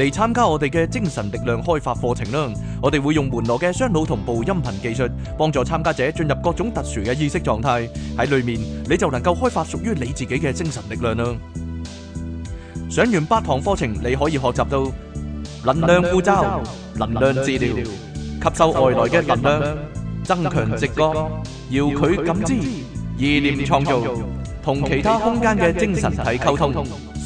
嚟參加我哋嘅精神力量開發課程啦！我哋會用門羅嘅雙腦同步音頻技術，幫助參加者進入各種特殊嘅意識狀態。喺裡面你就能夠開發屬於你自己嘅精神力量啦！上完八堂課程，你可以學習到能量呼召、能量治療、吸收外來嘅能量、增強直覺、遙距感知、意念創造、同其他空間嘅精神體溝通。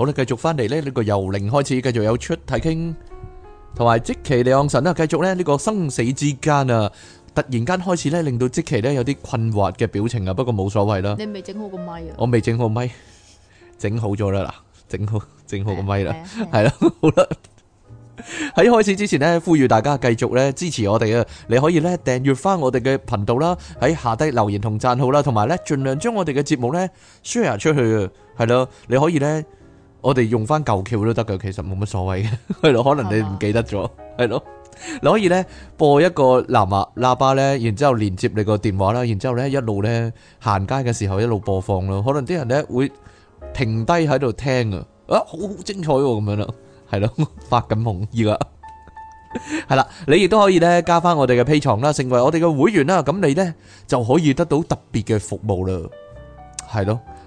我哋繼續翻嚟呢，呢、呢個由零開始，繼續有出體傾，同埋即期李神臣啦，繼續咧呢個生死之間啊，突然間開始呢，令到即期呢有啲困惑嘅表情啊，不過冇所謂啦。你未整好個咪啊？我未整好，好，好，好，好個咪，整好咗啦，嗱，整好整好個咪啦，係啦，好啦。喺開始之前呢，呼籲大家繼續咧支持我哋啊！你可以呢，訂閱翻我哋嘅頻道啦，喺下低留言同贊好啦，同埋呢，盡量將我哋嘅節目呢 share 出去，係咯，你可以呢。我哋用翻舊橋都得㗎，其實冇乜所謂嘅，係咯。可能你唔記得咗，係咯。你可以咧播一個喇叭喇叭咧，然之後連接你個電話啦，然之後咧一路咧行街嘅時候一路播放咯。可能啲人咧會停低喺度聽啊，啊，好好精彩喎，咁樣咯，係咯，發緊夢依家。係啦，你亦都可以咧加翻我哋嘅 Patreon 啦，成為我哋嘅會員啦，咁你咧就可以得到特別嘅服務啦，係咯。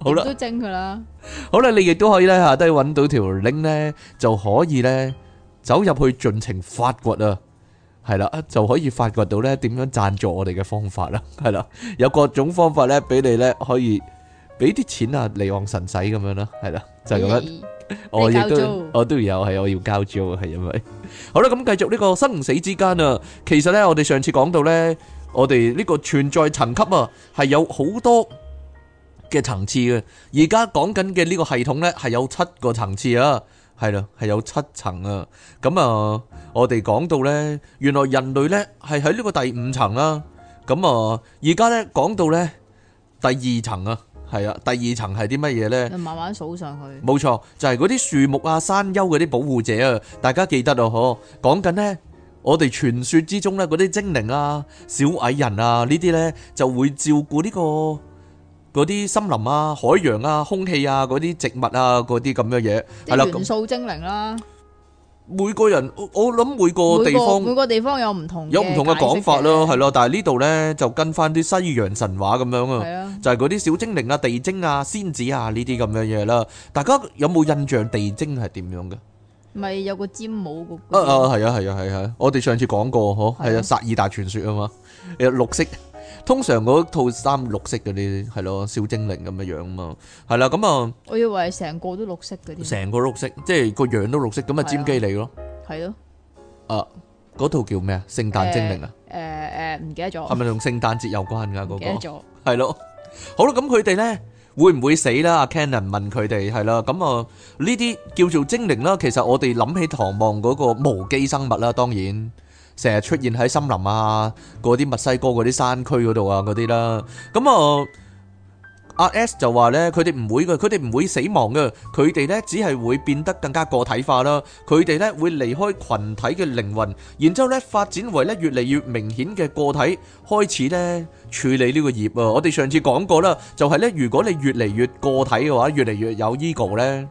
好啦，都正佢啦。好啦，你亦都可以咧，下低揾到條 link 咧，就可以咧走入去盡情發掘啊，係啦，就可以發掘到咧點樣贊助我哋嘅方法啦，係啦，有各種方法咧，俾你咧可以俾啲錢啊，利往神使咁樣啦，係啦，就係咁樣，嗯、我亦也都我都有係，我要交租係因為，好啦，咁繼續呢、這個生死之間啊，其實咧我哋上次講到咧，我哋呢個存在層級啊，係有好多。嘅層次嘅，而家講緊嘅呢個系統呢，係有七個層次啊，係啦，係有七層啊。咁啊，我哋講到呢，原來人類呢，係喺呢個第五層啊。咁啊，而家呢，講到呢，第二層啊，係啊，第二層係啲乜嘢呢？慢慢數上去。冇錯，就係嗰啲樹木啊、山丘嗰啲保護者啊，大家記得哦，嗬。講緊呢，我哋傳說之中呢，嗰啲精靈啊、小矮人啊呢啲呢，就會照顧呢個。嗰啲森林啊、海洋啊、空氣啊、嗰啲植物啊、嗰啲咁嘅嘢，係啦。元素精靈啦，每個人我諗每個地方，每個，每個地方有唔同嘅、有唔同嘅講法咯，係咯。但係呢度咧就跟翻啲西洋神話咁樣啊，啦就係嗰啲小精靈啊、地精啊、仙子啊呢啲咁樣嘢啦。大家有冇印象地精係點樣嘅？咪有個尖帽嗰個？啊啊，係啊係啊係啊，啊！我哋上次講過呵，係啊《薩爾達傳說》啊嘛，有綠色。通常嗰套衫綠色嗰啲係咯，小精靈咁嘅樣啊嘛，係啦咁啊，我以為係成個都綠色嗰啲，成個綠色，即係個樣都綠色，咁啊尖機嚟咯，係咯，啊，嗰套叫咩啊？聖誕精靈啊，誒誒，唔記得咗，係咪同聖誕節有關㗎嗰個？唔記得咗，係咯，好啦，咁佢哋咧會唔會死啦？阿 Cannon 問佢哋係啦，咁啊呢啲叫做精靈啦，其實我哋諗起唐望建嗰個無機生物啦，當然。成日出現喺森林啊，嗰啲墨西哥嗰啲山區嗰度啊，嗰啲啦，咁啊阿 S 就話咧，佢哋唔會嘅，佢哋唔會死亡嘅，佢哋咧只係會變得更加個體化啦，佢哋咧會離開羣體嘅靈魂，然之後咧發展為咧越嚟越明顯嘅個體，開始咧處理呢個業啊！我哋上次講過啦，就係咧，如果你越嚟越個體嘅話，越嚟越有 ego 咧，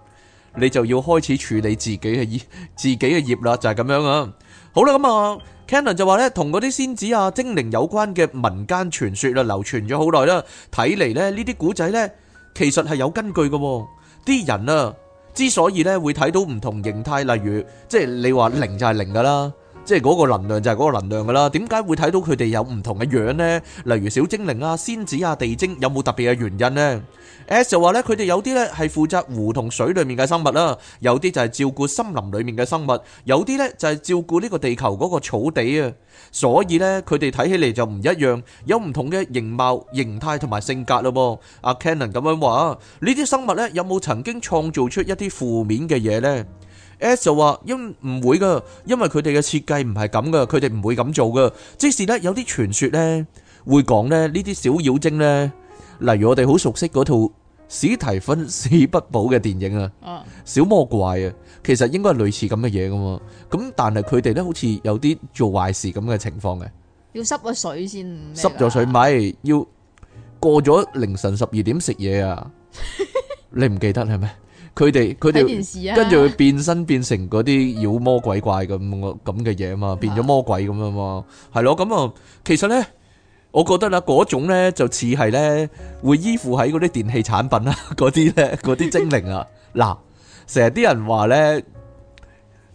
你就要開始處理自己嘅業，自己嘅業啦，就係咁樣啊！好啦，咁啊，Canon 就話咧，同嗰啲仙子啊、精靈有關嘅民間傳說啊，流傳咗好耐啦。睇嚟咧，呢啲古仔咧，其實係有根據嘅。啲人啊，之所以咧會睇到唔同形態，例如即係你話靈就係靈噶啦。即係嗰個能量就係嗰個能量噶啦，點解會睇到佢哋有唔同嘅樣呢？例如小精靈啊、仙子啊、地精，有冇特別嘅原因呢？S 就話呢，佢哋有啲呢係負責湖同水裏面嘅生物啦，有啲就係照顧森林裏面嘅生物，有啲呢就係照顧呢個地球嗰個草地啊。所以呢，佢哋睇起嚟就唔一樣，有唔同嘅形貌、形態同埋性格咯。阿 Canon 咁樣話，呢啲生物呢，有冇曾經創造出一啲負面嘅嘢呢？S 就話因唔會噶，因為佢哋嘅設計唔係咁噶，佢哋唔會咁做噶。即使咧有啲傳說咧會講咧呢啲小妖精咧，例如我哋好熟悉嗰套史提芬史匹堡嘅電影啊，小魔怪啊，其實應該係類似咁嘅嘢噶嘛。咁但係佢哋咧好似有啲做壞事咁嘅情況嘅，要濕個水先，濕咗水咪要過咗凌晨十二點食嘢啊！你唔記得係咪？佢哋佢哋跟住會變身變成嗰啲妖魔鬼怪咁咁嘅嘢啊嘛，變咗魔鬼咁樣嘛。係咯，咁啊，其實咧，我覺得啦，嗰種咧就似係咧會依附喺嗰啲電器產品啊，嗰啲咧嗰啲精靈啊，嗱，成日啲人話咧，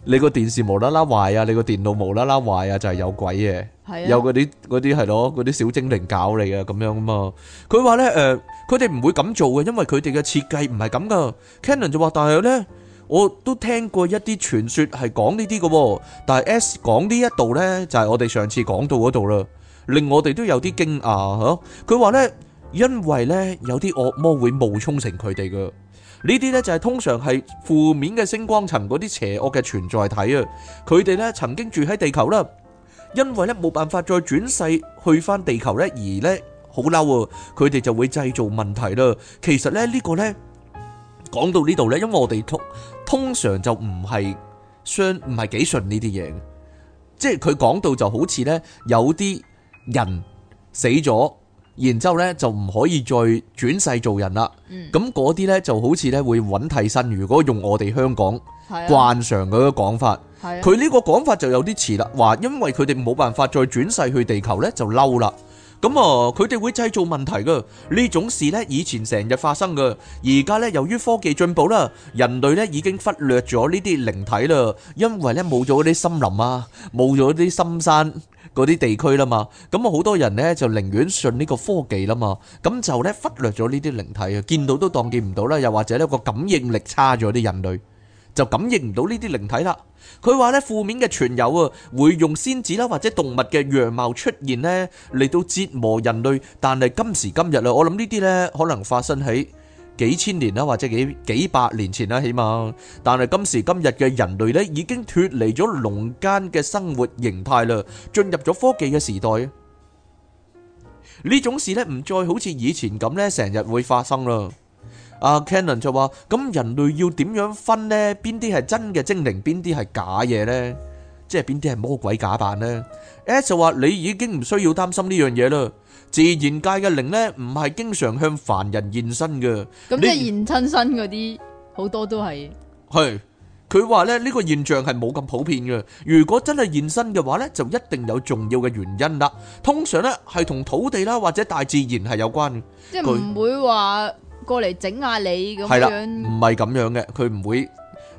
你個電視無啦啦壞啊，你個電腦無啦啦壞啊，就係有鬼嘅。有嗰啲嗰啲係咯，嗰啲小精靈搞你啊，咁樣啊嘛。佢話咧，誒，佢哋唔會咁做嘅，因為佢哋嘅設計唔係咁噶。Canon 就話，但係咧，我都聽過一啲傳說係講呢啲嘅喎。但係 S 講呢一度咧，就係我哋上次講到嗰度啦，令我哋都有啲驚訝嚇。佢話咧，因為咧，有啲惡魔會冒充成佢哋嘅呢啲咧，就係通常係負面嘅星光層嗰啲邪惡嘅存在體啊。佢哋咧，曾經住喺地球啦。因為咧冇辦法再轉世去翻地球咧，而咧好嬲喎，佢哋就會製造問題啦。其實咧呢個咧講到呢度咧，因為我哋通通常就唔係相唔係幾信呢啲嘢，即係佢講到就好似咧有啲人死咗，然之後咧就唔可以再轉世做人啦。咁嗰啲咧就好似咧會揾替身。如果用我哋香港慣常嘅個講法。嗯嗯佢呢個講法就有啲遲啦，話因為佢哋冇辦法再轉世去地球咧，就嬲啦。咁啊，佢哋會製造問題噶。呢種事咧，以前成日發生噶。而家咧，由於科技進步啦，人類咧已經忽略咗呢啲靈體啦，因為咧冇咗啲森林啊，冇咗啲深山嗰啲地區啦嘛。咁啊，好多人咧就寧願信呢個科技啦嘛，咁就咧忽略咗呢啲靈體啊，見到都當見唔到啦。又或者咧個感應力差咗啲人類。就感應唔到呢啲靈體啦。佢話咧負面嘅存有啊，會用仙子啦或者動物嘅樣貌出現咧，嚟到折磨人類。但係今時今日啊，我諗呢啲咧可能發生喺幾千年啦，或者幾幾百年前啦，起碼。但係今時今日嘅人類咧，已經脫離咗農間嘅生活形態啦，進入咗科技嘅時代。呢種事咧唔再好似以前咁咧成日會發生啦。阿 Cannon 就話：咁人類要點樣分呢？邊啲係真嘅精靈，邊啲係假嘢呢？即係邊啲係魔鬼假扮呢？S 就話：你已經唔需要擔心呢樣嘢啦。自然界嘅靈呢，唔係經常向凡人現身嘅。咁即係現親身嗰啲好多都係，係佢話呢，呢個現象係冇咁普遍嘅。如果真係現身嘅話呢，就一定有重要嘅原因啦。通常呢係同土地啦或者大自然係有關嘅，即係唔會話。過嚟整下你咁樣，唔係咁樣嘅，佢唔會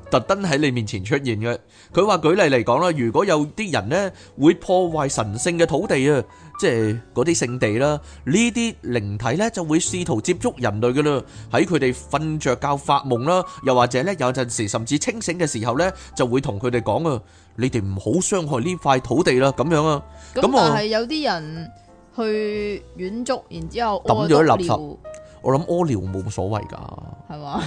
特登喺你面前出現嘅。佢話，舉例嚟講啦，如果有啲人呢會破壞神聖嘅土地啊，即係嗰啲聖地啦，呢啲靈體呢就會試圖接觸人類噶啦，喺佢哋瞓著覺發夢啦，又或者呢有陣時甚至清醒嘅時候呢就會同佢哋講啊，你哋唔好傷害呢塊土地啦，咁樣啊。咁但係有啲人去遠足，然之後抌咗啲垃圾。我諗屙尿冇乜所謂噶，係嘛？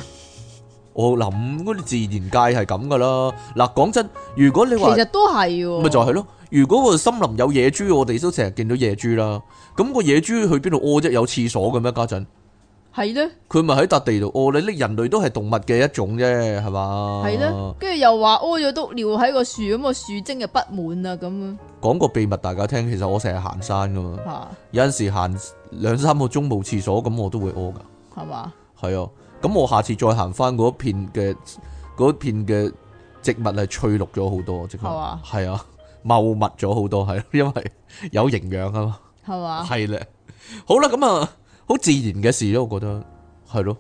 我諗嗰啲自然界係咁噶啦。嗱，講真，如果你話其實都係，咪就係咯。如果個森林有野豬，我哋都成日見到野豬啦。咁個野豬去邊度屙啫？有廁所嘅咩家陣？係咧，佢咪喺笪地度屙，哦，你拎人類都係動物嘅一種啫，係嘛？係咧，跟住又話屙咗篤尿喺個樹咁，個樹精就不滿啦咁。講個秘密大家聽，其實我成日行山噶嘛，的有陣時行兩三個鐘冇廁所，咁我都會屙噶，係嘛的？係啊。咁我下次再行翻嗰片嘅片嘅植物咧，翠綠咗好多，係嘛？係啊的，茂密咗好多，係因為有營養啊嘛，係嘛？係啦的，好啦，咁啊。好自然嘅事咯，我覺得係咯，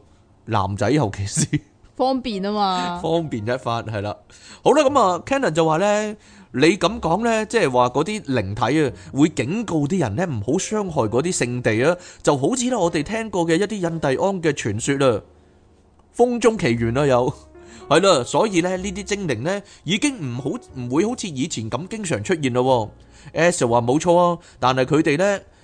男仔尤其是方便啊嘛，方便一發係啦。好啦，咁啊，Cannon 就話咧，你咁講咧，即係話嗰啲靈體啊，會警告啲人咧，唔好傷害嗰啲聖地啊，就好似咧我哋聽過嘅一啲印第安嘅傳說啊，風中奇緣啊又係啦，所以咧呢啲精靈咧已經唔好唔會好似以前咁經常出現咯。Ash 話冇錯啊，但係佢哋咧。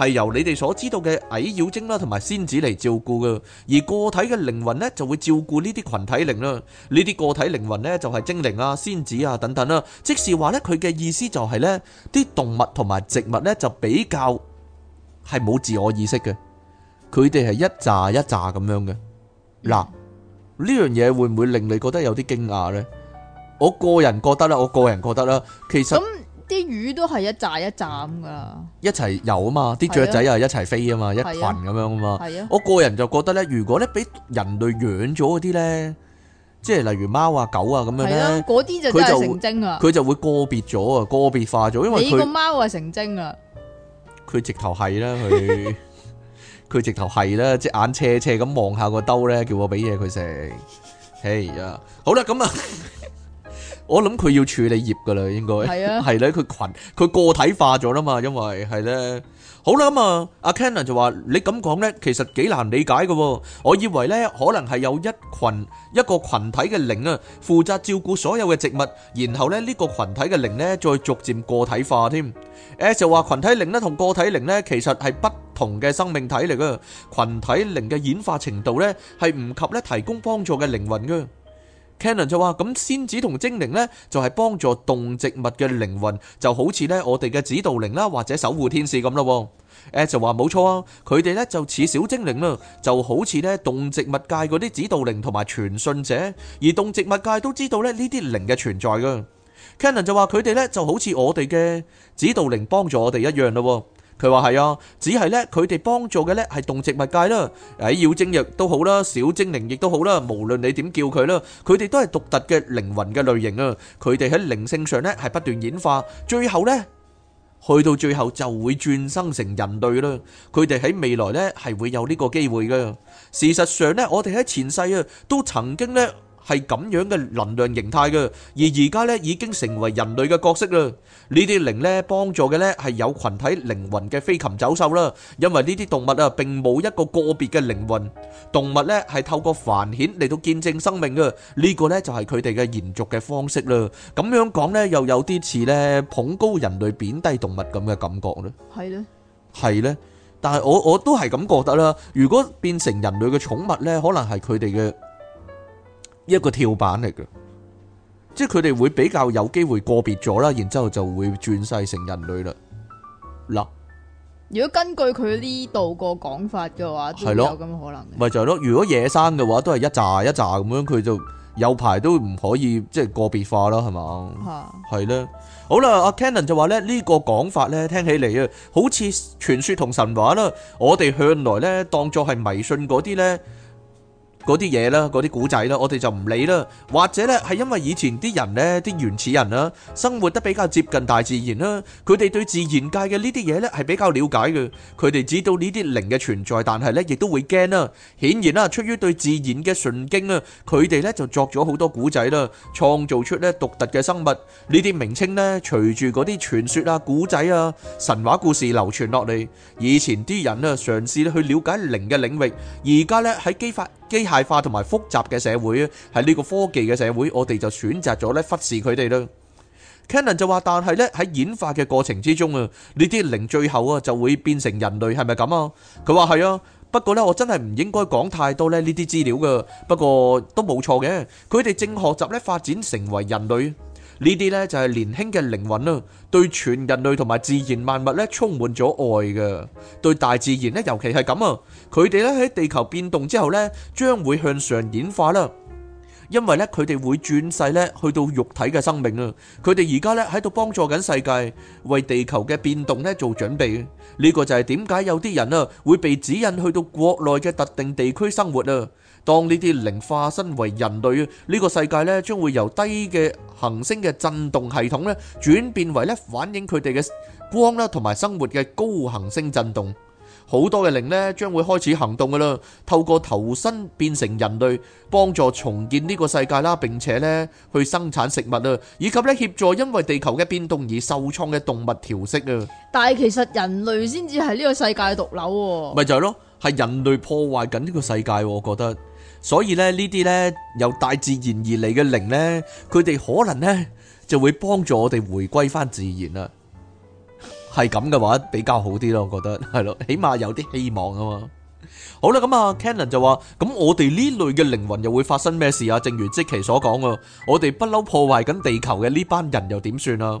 係由你哋所知道嘅矮妖精啦，同埋仙子嚟照顧嘅，而個體嘅靈魂咧就會照顧呢啲群體靈啦，呢啲個體靈魂咧就係精靈啊、仙子啊等等啦。即是話咧，佢嘅意思就係咧，啲動物同埋植物咧就比較係冇自我意識嘅，佢哋係一咋一咋咁樣嘅。嗱，呢樣嘢會唔會令你覺得有啲驚訝咧？我個人覺得啦，我個人覺得啦，其實。啲魚都係一扎一扎咁噶，一齊游啊嘛，啲雀仔又係一齊飛啊嘛，一群咁樣啊嘛。係啊，我個人就覺得咧，如果咧俾人類養咗嗰啲咧，即係例如貓啊、狗啊咁樣咧，嗰啲就真係成精啊。佢就會個別咗啊，個別化咗，因為佢個貓啊成精啦。佢直頭係啦，佢佢直頭係啦，即係眼斜斜咁望下個兜咧，叫我俾嘢佢食。嘿呀，好啦，咁啊。我諗佢要處理業噶啦，應該係啊，係咧，佢群佢個體化咗啦嘛，因為係咧，好啦咁啊，阿 Ken 就話你咁講咧，其實幾難理解噶，我以為咧可能係有一群一個群體嘅靈啊，負責照顧所有嘅植物，然後咧呢個群體嘅靈咧再逐漸個體化添。誒就話群體靈咧同個體靈咧其實係不同嘅生命體嚟噶，群體靈嘅演化程度咧係唔及咧提供幫助嘅靈魂噶。Cannon 就話：咁仙子同精靈呢，就係幫助動植物嘅靈魂，就好似呢我哋嘅指導靈啦，或者守護天使咁咯。誒就話冇錯啊，佢哋呢，就似小精靈啦，就好似呢動植物界嗰啲指導靈同埋傳信者，而動植物界都知道呢啲靈嘅存在噶。Cannon 就話佢哋呢，就好似我哋嘅指導靈幫助我哋一樣咯。佢話係啊，只係咧佢哋幫助嘅咧係動植物界啦，喺妖精亦都好啦，小精靈亦都好啦，無論你點叫佢啦，佢哋都係獨特嘅靈魂嘅類型啊！佢哋喺靈性上咧係不斷演化，最後咧去到最後就會轉生成人類啦。佢哋喺未來咧係會有呢個機會噶。事實上咧，我哋喺前世啊都曾經咧。係咁樣嘅能量形態嘅，而而家咧已經成為人類嘅角色啦。呢啲靈咧幫助嘅咧係有群體靈魂嘅飛禽走獸啦，因為呢啲動物啊並冇一個個別嘅靈魂，動物咧係透過繁衍嚟到見證生命嘅，呢個咧就係佢哋嘅延續嘅方式啦。咁樣講咧又有啲似咧捧高人類貶低動物咁嘅感覺咧，係咧係咧，但係我我都係咁覺得啦。如果變成人類嘅寵物咧，可能係佢哋嘅。一個跳板嚟嘅，即係佢哋會比較有機會個別咗啦，然之後就會轉世成人類啦。嗱，如果根據佢呢度個講法嘅話，係咯咁可能，咪就係咯。如果野生嘅話，都係一扎一扎咁樣，佢就有排都唔可以即係、就是、個別化啦，係嘛，係咧的。好啦，阿 Canon 就話咧呢個講法咧，聽起嚟啊，好似傳說同神話啦，我哋向來咧當作係迷信嗰啲咧。嗰啲嘢啦，嗰啲古仔啦，我哋就唔理啦。或者咧，係因為以前啲人咧，啲原始人啦，生活得比較接近大自然啦，佢哋對自然界嘅呢啲嘢咧係比較瞭解嘅。佢哋知道呢啲靈嘅存在，但係咧亦都會驚啦。顯然啦，出於對自然嘅純經啊，佢哋咧就作咗好多古仔啦，創造出咧獨特嘅生物。呢啲名稱咧，隨住嗰啲傳說啊、古仔啊、神話故事流傳落嚟。以前啲人啊，嘗試去了解靈嘅領域。而家咧喺激發。機械化同埋複雜嘅社會，喺呢個科技嘅社會，我哋就選擇咗咧忽視佢哋咯。Cannon 就話：但係咧喺演化嘅過程之中啊，呢啲靈最後啊就會變成人類，係咪咁啊？佢話係啊，不過咧我真係唔應該講太多咧呢啲資料㗎，不過都冇錯嘅，佢哋正學習咧發展成為人類。呢啲呢就係年輕嘅靈魂啦，對全人類同埋自然萬物呢充滿咗愛嘅，對大自然呢尤其係咁啊！佢哋呢喺地球變動之後呢，將會向上演化啦，因為呢佢哋會轉世呢去到肉體嘅生命啊！佢哋而家呢喺度幫助緊世界，為地球嘅變動呢做準備。呢個就係點解有啲人啊會被指引去到國內嘅特定地區生活啊！當呢啲靈化身為人類，呢個世界咧將會由低嘅行星嘅震動系統咧轉變為咧反映佢哋嘅光啦，同埋生活嘅高行星震動。好多嘅靈咧將會開始行動噶啦，透過投身變成人類，幫助重建呢個世界啦，並且咧去生產食物啊，以及咧協助因為地球嘅變動而受創嘅動物調適啊。但係其實人類先至係呢個世界毒瘤，咪就係咯，係人類破壞緊呢個世界，我覺得。所以咧，呢啲呢，由大自然而嚟嘅靈呢，佢哋可能呢就會幫助我哋回歸翻自然啦。係咁嘅話，比較好啲咯，我覺得係咯，起碼有啲希望啊嘛。好啦，咁啊，Cannon 就話：咁我哋呢類嘅靈魂又會發生咩事啊？正如積奇所講啊，我哋不嬲破壞緊地球嘅呢班人又點算啊？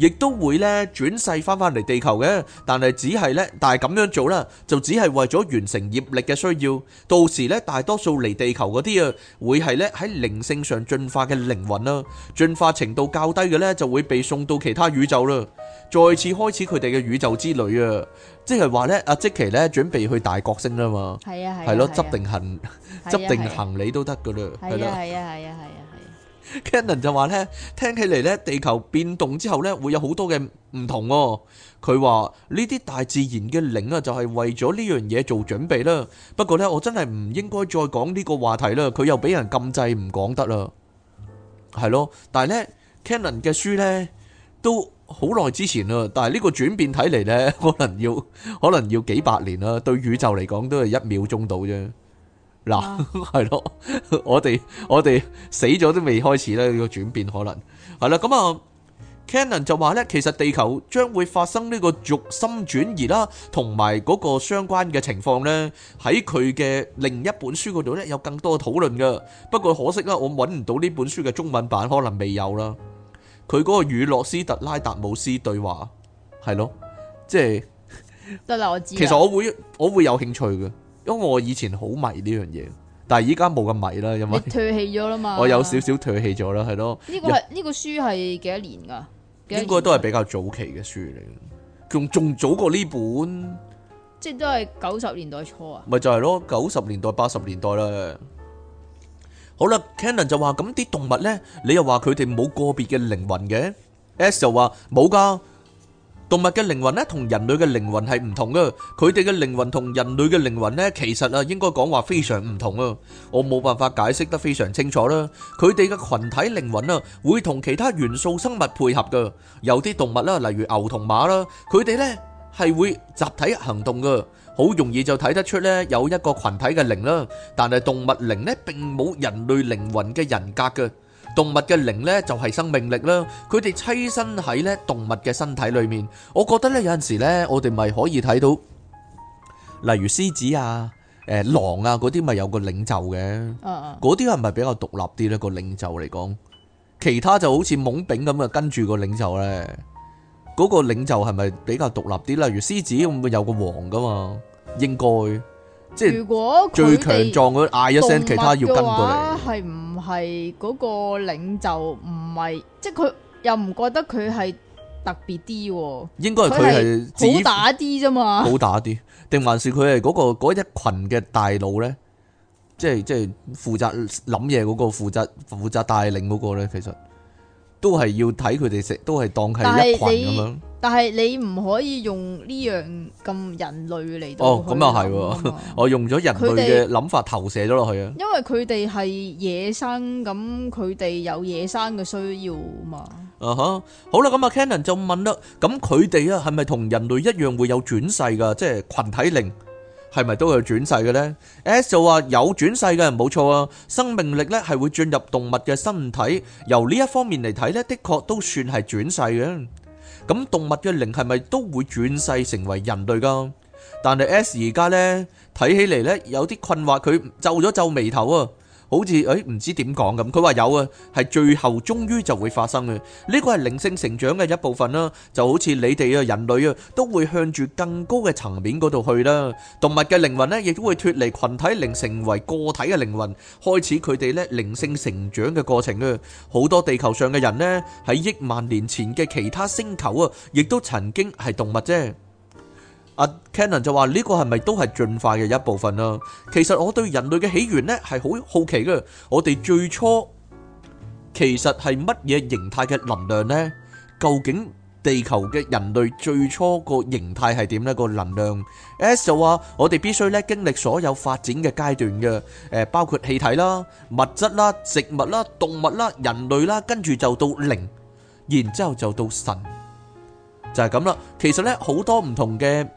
亦都會咧轉世翻翻嚟地球嘅，但係只係咧，但係咁樣做啦，就只係為咗完成業力嘅需要。到時咧，大多數嚟地球嗰啲啊，會係咧喺靈性上進化嘅靈魂啦。進化程度較低嘅咧，就會被送到其他宇宙啦，再次開始佢哋嘅宇宙之旅啊。即係話咧，阿積奇咧準備去大角星啦嘛。係啊係。係咯，執定行，執定行李都得噶啦。係啊係啊係啊係。Canon 就話呢，聽起嚟呢，地球變動之後呢，會有好多嘅唔同喎。佢話呢啲大自然嘅靈啊，就係為咗呢樣嘢做準備啦。不過呢，我真係唔應該再講呢個話題啦。佢又俾人禁制唔講得啦，係咯。但係呢 Canon 嘅書呢都好耐之前啦。但係呢個轉變睇嚟呢，可能要可能要幾百年啦。對宇宙嚟講，都係一秒鐘到啫。嗱，係咯、嗯， 我哋我哋死咗都未開始咧，呢、這個轉變可能係啦。咁啊、嗯、，Cannon 就話呢，其實地球將會發生呢個軸心轉移啦、啊，同埋嗰個相關嘅情況呢。喺佢嘅另一本書嗰度呢，有更多嘅討論噶。不過可惜啦，我搵唔到呢本書嘅中文版，可能未有啦。佢嗰個與洛斯特拉達姆斯對話，係咯，即係、嗯、其實我會我會有興趣嘅。因為我以前好迷呢樣嘢，但係依家冇咁迷啦，因為你退氣咗啦嘛？我有少少退氣咗啦，係咯。呢個係呢個書係幾多年㗎？應該都係比較早期嘅書嚟，仲仲早過呢本。即係都係九十年代初啊。咪就係咯，九十年代八十年代啦。好啦，Cannon 就話：咁啲動物咧，你又話佢哋冇個別嘅靈魂嘅？S 就話冇㗎。動物嘅靈魂咧，同人類嘅靈魂係唔同嘅。佢哋嘅靈魂同人類嘅靈魂咧，其實啊，應該講話非常唔同啊。我冇辦法解釋得非常清楚啦。佢哋嘅群體靈魂啊，會同其他元素生物配合噶。有啲動物啦，例如牛同馬啦，佢哋咧係會集體行動噶，好容易就睇得出咧，有一個群體嘅靈啦。但係動物靈咧，並冇人類靈魂嘅人格嘅。動物嘅靈咧就係生命力啦，佢哋棲身喺咧動物嘅身體裏面。我覺得咧有陣時咧我哋咪可以睇到，例如獅子啊、誒狼啊嗰啲咪有個領袖嘅。啊啊！嗰啲係咪比較獨立啲咧？個領袖嚟講，其他就好似懵丙咁啊，跟住個領袖咧，嗰個領袖係咪比較獨立啲？例如獅子會有個王㗎嘛，應該。即係如果最強壯佢嗌一聲，其他要跟到，佢哋動物嘅話，係唔係嗰個領袖唔係，即係佢又唔覺得佢係特別啲？應該係佢係好打啲啫嘛，好打啲，定還是佢係嗰個嗰一群嘅大佬咧？即係即係負責諗嘢嗰個負，負責負責帶領嗰個咧，其實都係要睇佢哋食，都係當係一群咁。但係你唔可以用呢樣咁人類嚟到哦，咁又係喎，我用咗人類嘅諗法投射咗落去啊。因為佢哋係野生，咁佢哋有野生嘅需要啊嘛。啊哈，好啦，咁啊，Cannon 就問啦，咁佢哋啊，係咪同人類一樣會有轉世噶？即係羣體靈係咪都有轉世嘅咧？S 就話有轉世嘅人，冇錯啊，生命力咧係會進入動物嘅身體，由呢一方面嚟睇咧，的確都算係轉世嘅。咁動物嘅靈係咪都會轉世成為人類噶？但係 S 而家咧睇起嚟咧有啲困惑，佢皺咗皺眉頭啊！好似誒，哎，唔知點講咁。佢話有啊，係最後終於就會發生嘅，呢個係靈性成長嘅一部分啦。就好似你哋啊，人類啊，都會向住更高嘅層面嗰度去啦。動物嘅靈魂呢，亦都會脫離群體靈，成為個體嘅靈魂，開始佢哋呢靈性成長嘅過程啊。好多地球上嘅人呢，喺億萬年前嘅其他星球啊，亦都曾經係動物啫。阿 Canon 就話呢個係咪都係進化嘅一部分咯？其實我對人類嘅起源咧係好好奇嘅。我哋最初其實係乜嘢形態嘅能量咧？究竟地球嘅人類最初個形態係點咧？個能量 S 就話我哋必須咧經歷所有發展嘅階段嘅，誒包括氣體啦、物質啦、植物啦、動物啦、人類啦，跟住就到靈，然之後就到神，就係咁啦。其實咧好多唔同嘅。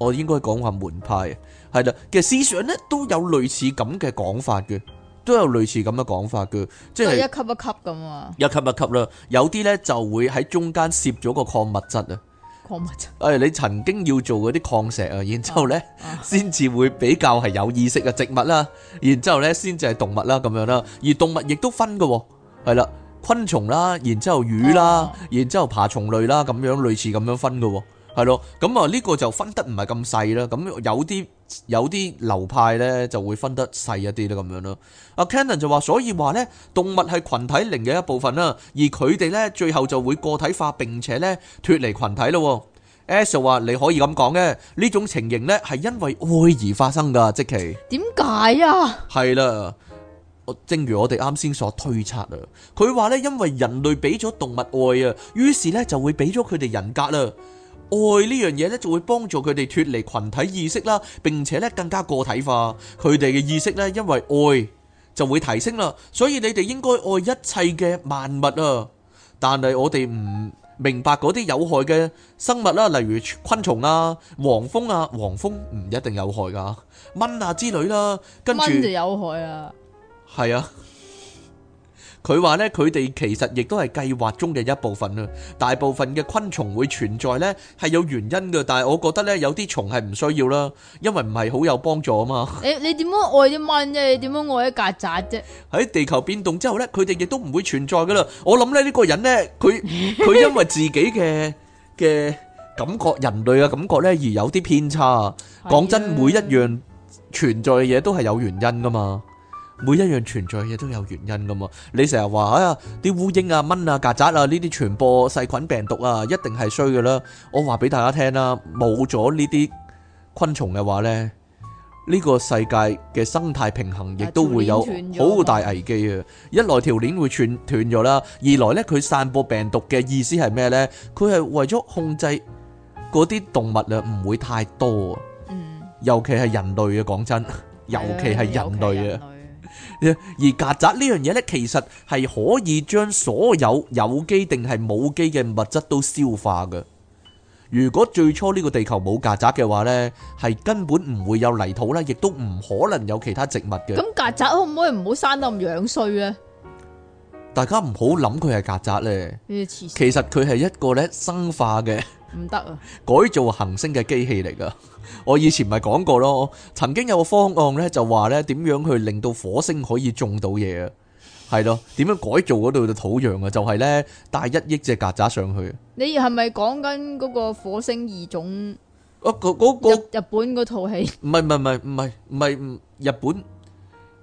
我應該講話門派啊，係啦，其實思想咧都有類似咁嘅講法嘅，都有類似咁嘅講法嘅，即係一級一級咁啊，一級一級啦，有啲咧就會喺中間攝咗個礦物質啊，礦物質，誒、哎，你曾經要做嗰啲礦石啊，然之後咧先至會比較係有意識嘅植物啦，然之後咧先至係動物啦咁樣啦，而動物亦都分㗎喎，係啦，昆蟲啦，然之後魚啦，然之後、啊、然之後爬蟲類啦，咁樣類似咁樣分㗎喎。係咯，咁啊，呢、這個就分得唔係咁細啦。咁有啲有啲流派呢就會分得細一啲咧，咁樣咯。阿 Canon 就話，所以話呢動物係群體靈嘅一部分啦，而佢哋呢最後就會個體化，並且呢脱離群體咯。Ash 話、so，你可以咁講嘅呢種情形呢係因為愛而發生噶，即其點解啊？係啦，正如我哋啱先所推測啊，佢話呢，因為人類俾咗動物愛啊，於是呢就會俾咗佢哋人格啦。愛呢樣嘢呢就會幫助佢哋脫離群體意識啦，並且咧更加個體化。佢哋嘅意識呢因為愛就會提升啦。所以你哋應該愛一切嘅萬物啊！但係我哋唔明白嗰啲有害嘅生物啦，例如昆蟲啊、黃蜂啊、黃蜂唔一定有害噶，蚊啊之類啦，跟住蚊就有害啊，係啊。佢話咧，佢哋其實亦都係計劃中嘅一部分啦。大部分嘅昆蟲會存在咧，係有原因嘅。但係我覺得咧，有啲蟲係唔需要啦，因為唔係好有幫助啊嘛。你你點樣愛啲蚊啫？你點樣愛啲曱甴啫？喺地球變動之後咧，佢哋亦都唔會存在噶啦。我諗咧呢個人咧，佢佢因為自己嘅嘅感覺，人類嘅感覺咧，而有啲偏差。講真，每一樣存在嘅嘢都係有原因噶嘛。每一樣存在嘅嘢都有原因噶嘛？你成日話哎呀，啲烏蠅啊、蚊啊、曱甴啊呢啲傳播細菌病毒啊，一定係衰噶啦！我話俾大家聽啦，冇咗呢啲昆蟲嘅話咧，呢個世界嘅生態平衡亦都會有好大危機啊！一來條鏈會斷咗啦，二來咧佢散播病毒嘅意思係咩咧？佢係為咗控制嗰啲動物啊，唔會太多。嗯，尤其係人類啊，講真，尤其係人類啊。而曱甴呢樣嘢咧，其實係可以將所有有機定係冇機嘅物質都消化嘅。如果最初呢個地球冇曱甴嘅話咧，係根本唔會有泥土啦，亦都唔可能有其他植物嘅。咁曱甴可唔可以唔好生得咁樣衰咧？大家唔好諗佢係曱甴咧，其實佢係一個咧生化嘅。唔得啊！改造行星嘅機器嚟噶，我以前咪講過咯。曾經有個方案呢，就話呢點樣去令到火星可以種到嘢啊？係咯，點樣改造嗰度嘅土壤啊？就係呢帶一億隻曱甴上去。你係咪講緊嗰個火星異種？啊，嗰嗰個日本嗰套戲？唔係唔係唔係唔係唔係日本，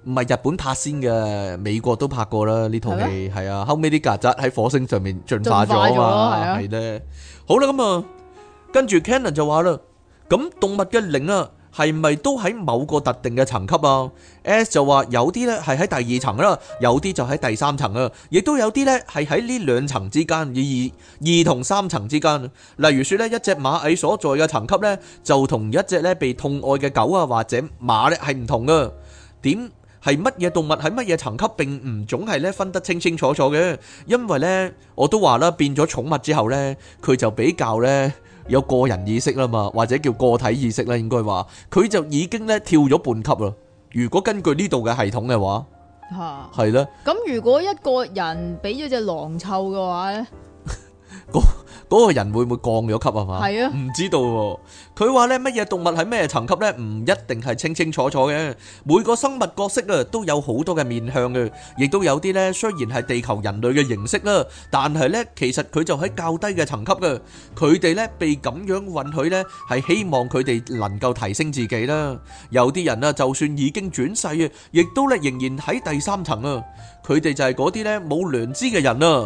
唔係日本拍先嘅，美國都拍過啦。呢套戲係啊，後尾啲曱甴喺火星上面進化咗啊嘛，係咧。好啦，咁啊，跟住 Cannon 就話啦，咁動物嘅靈啊，係咪都喺某個特定嘅層級啊？S 就話有啲呢係喺第二層啦，有啲就喺第三層啊，亦都有啲呢係喺呢兩層之間，二二二同三層之間。例如說呢一隻螞蟻所在嘅層級呢，就同一隻呢被痛愛嘅狗啊或者馬呢係唔同嘅。」點係乜嘢動物喺乜嘢層級，並唔總係咧分得清清楚楚嘅。因為呢，我都話啦，變咗寵物之後呢，佢就比較呢，有個人意識啦嘛，或者叫個體意識啦，應該話佢就已經呢跳咗半級咯。如果根據呢度嘅系統嘅話，吓係啦。咁呢如果一個人俾咗隻狼臭嘅話咧？ 嗰個人會唔會降咗級啊？嘛，係啊，唔知道喎。佢話咧，乜嘢動物係咩層級咧？唔一定係清清楚楚嘅。每個生物角色啊，都有好多嘅面向嘅，亦都有啲咧，雖然係地球人類嘅形式啦，但係咧，其實佢就喺較低嘅層級嘅。佢哋咧被咁樣允許咧，係希望佢哋能夠提升自己啦。有啲人啊，就算已經轉世啊，亦都咧仍然喺第三層啊。佢哋就係嗰啲咧冇良知嘅人啊。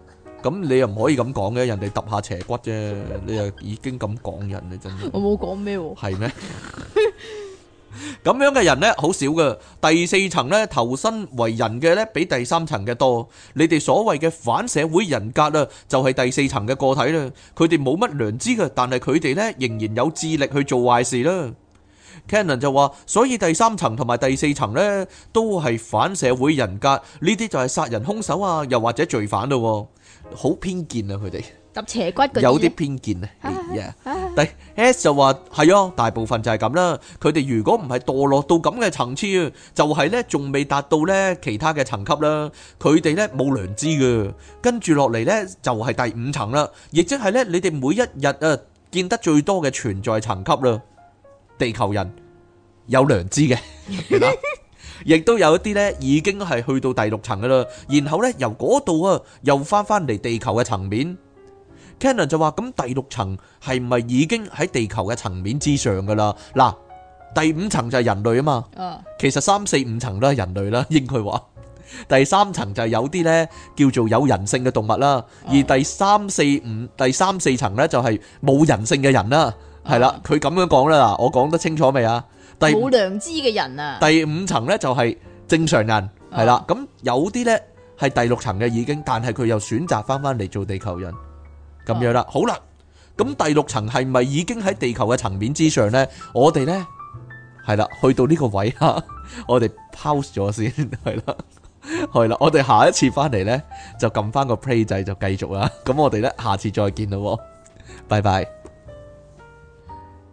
咁你又唔可以咁講嘅，人哋揼下邪骨啫，你又已經咁講人，你真係我冇講咩，係咩？咁樣嘅人咧，好少噶。第四層咧，投身為人嘅咧，比第三層嘅多。你哋所謂嘅反社會人格啊，就係第四層嘅個體啦。佢哋冇乜良知噶，但係佢哋咧仍然有智力去做壞事啦。Cannon 就話，所以第三層同埋第四層咧，都係反社會人格，呢啲就係殺人兇手啊，又或者罪犯咯。好偏見啊！佢哋揼邪骨嗰啲，有啲偏見啊。但 S 就話係啊，大部分就係咁啦。佢哋如果唔係墮落到咁嘅層次，就係呢仲未達到呢其他嘅層級啦。佢哋呢冇良知㗎，跟住落嚟呢就係第五層啦，亦即係呢你哋每一日啊見得最多嘅存在層級啦。地球人有良知嘅。亦都有一啲咧，已經係去到第六層噶啦，然後咧由嗰度啊，又翻翻嚟地球嘅層面。Ken 就話：咁第六層係唔係已經喺地球嘅層面之上噶啦？嗱，第五層就係人類啊嘛。啊，其實三四五層都係人類啦，應該話第三層就係有啲咧叫做有人性嘅動物啦，而第三四五第三四層咧就係冇人性嘅人啦。係啦，佢咁樣講啦，嗱，我講得清楚未啊？冇良知嘅人啊！第五層咧就係正常人，係啦。咁有啲咧係第六層嘅已經，但係佢又選擇翻翻嚟做地球人，咁樣啦。好啦，咁第六層係咪已經喺地球嘅層面之上咧？我哋咧係啦，去到呢個位啊，我哋 pause 咗先，係啦，係啦，我哋下一次翻嚟咧就撳翻個 play 掣，就繼續啦。咁我哋咧下次再見啦，拜拜。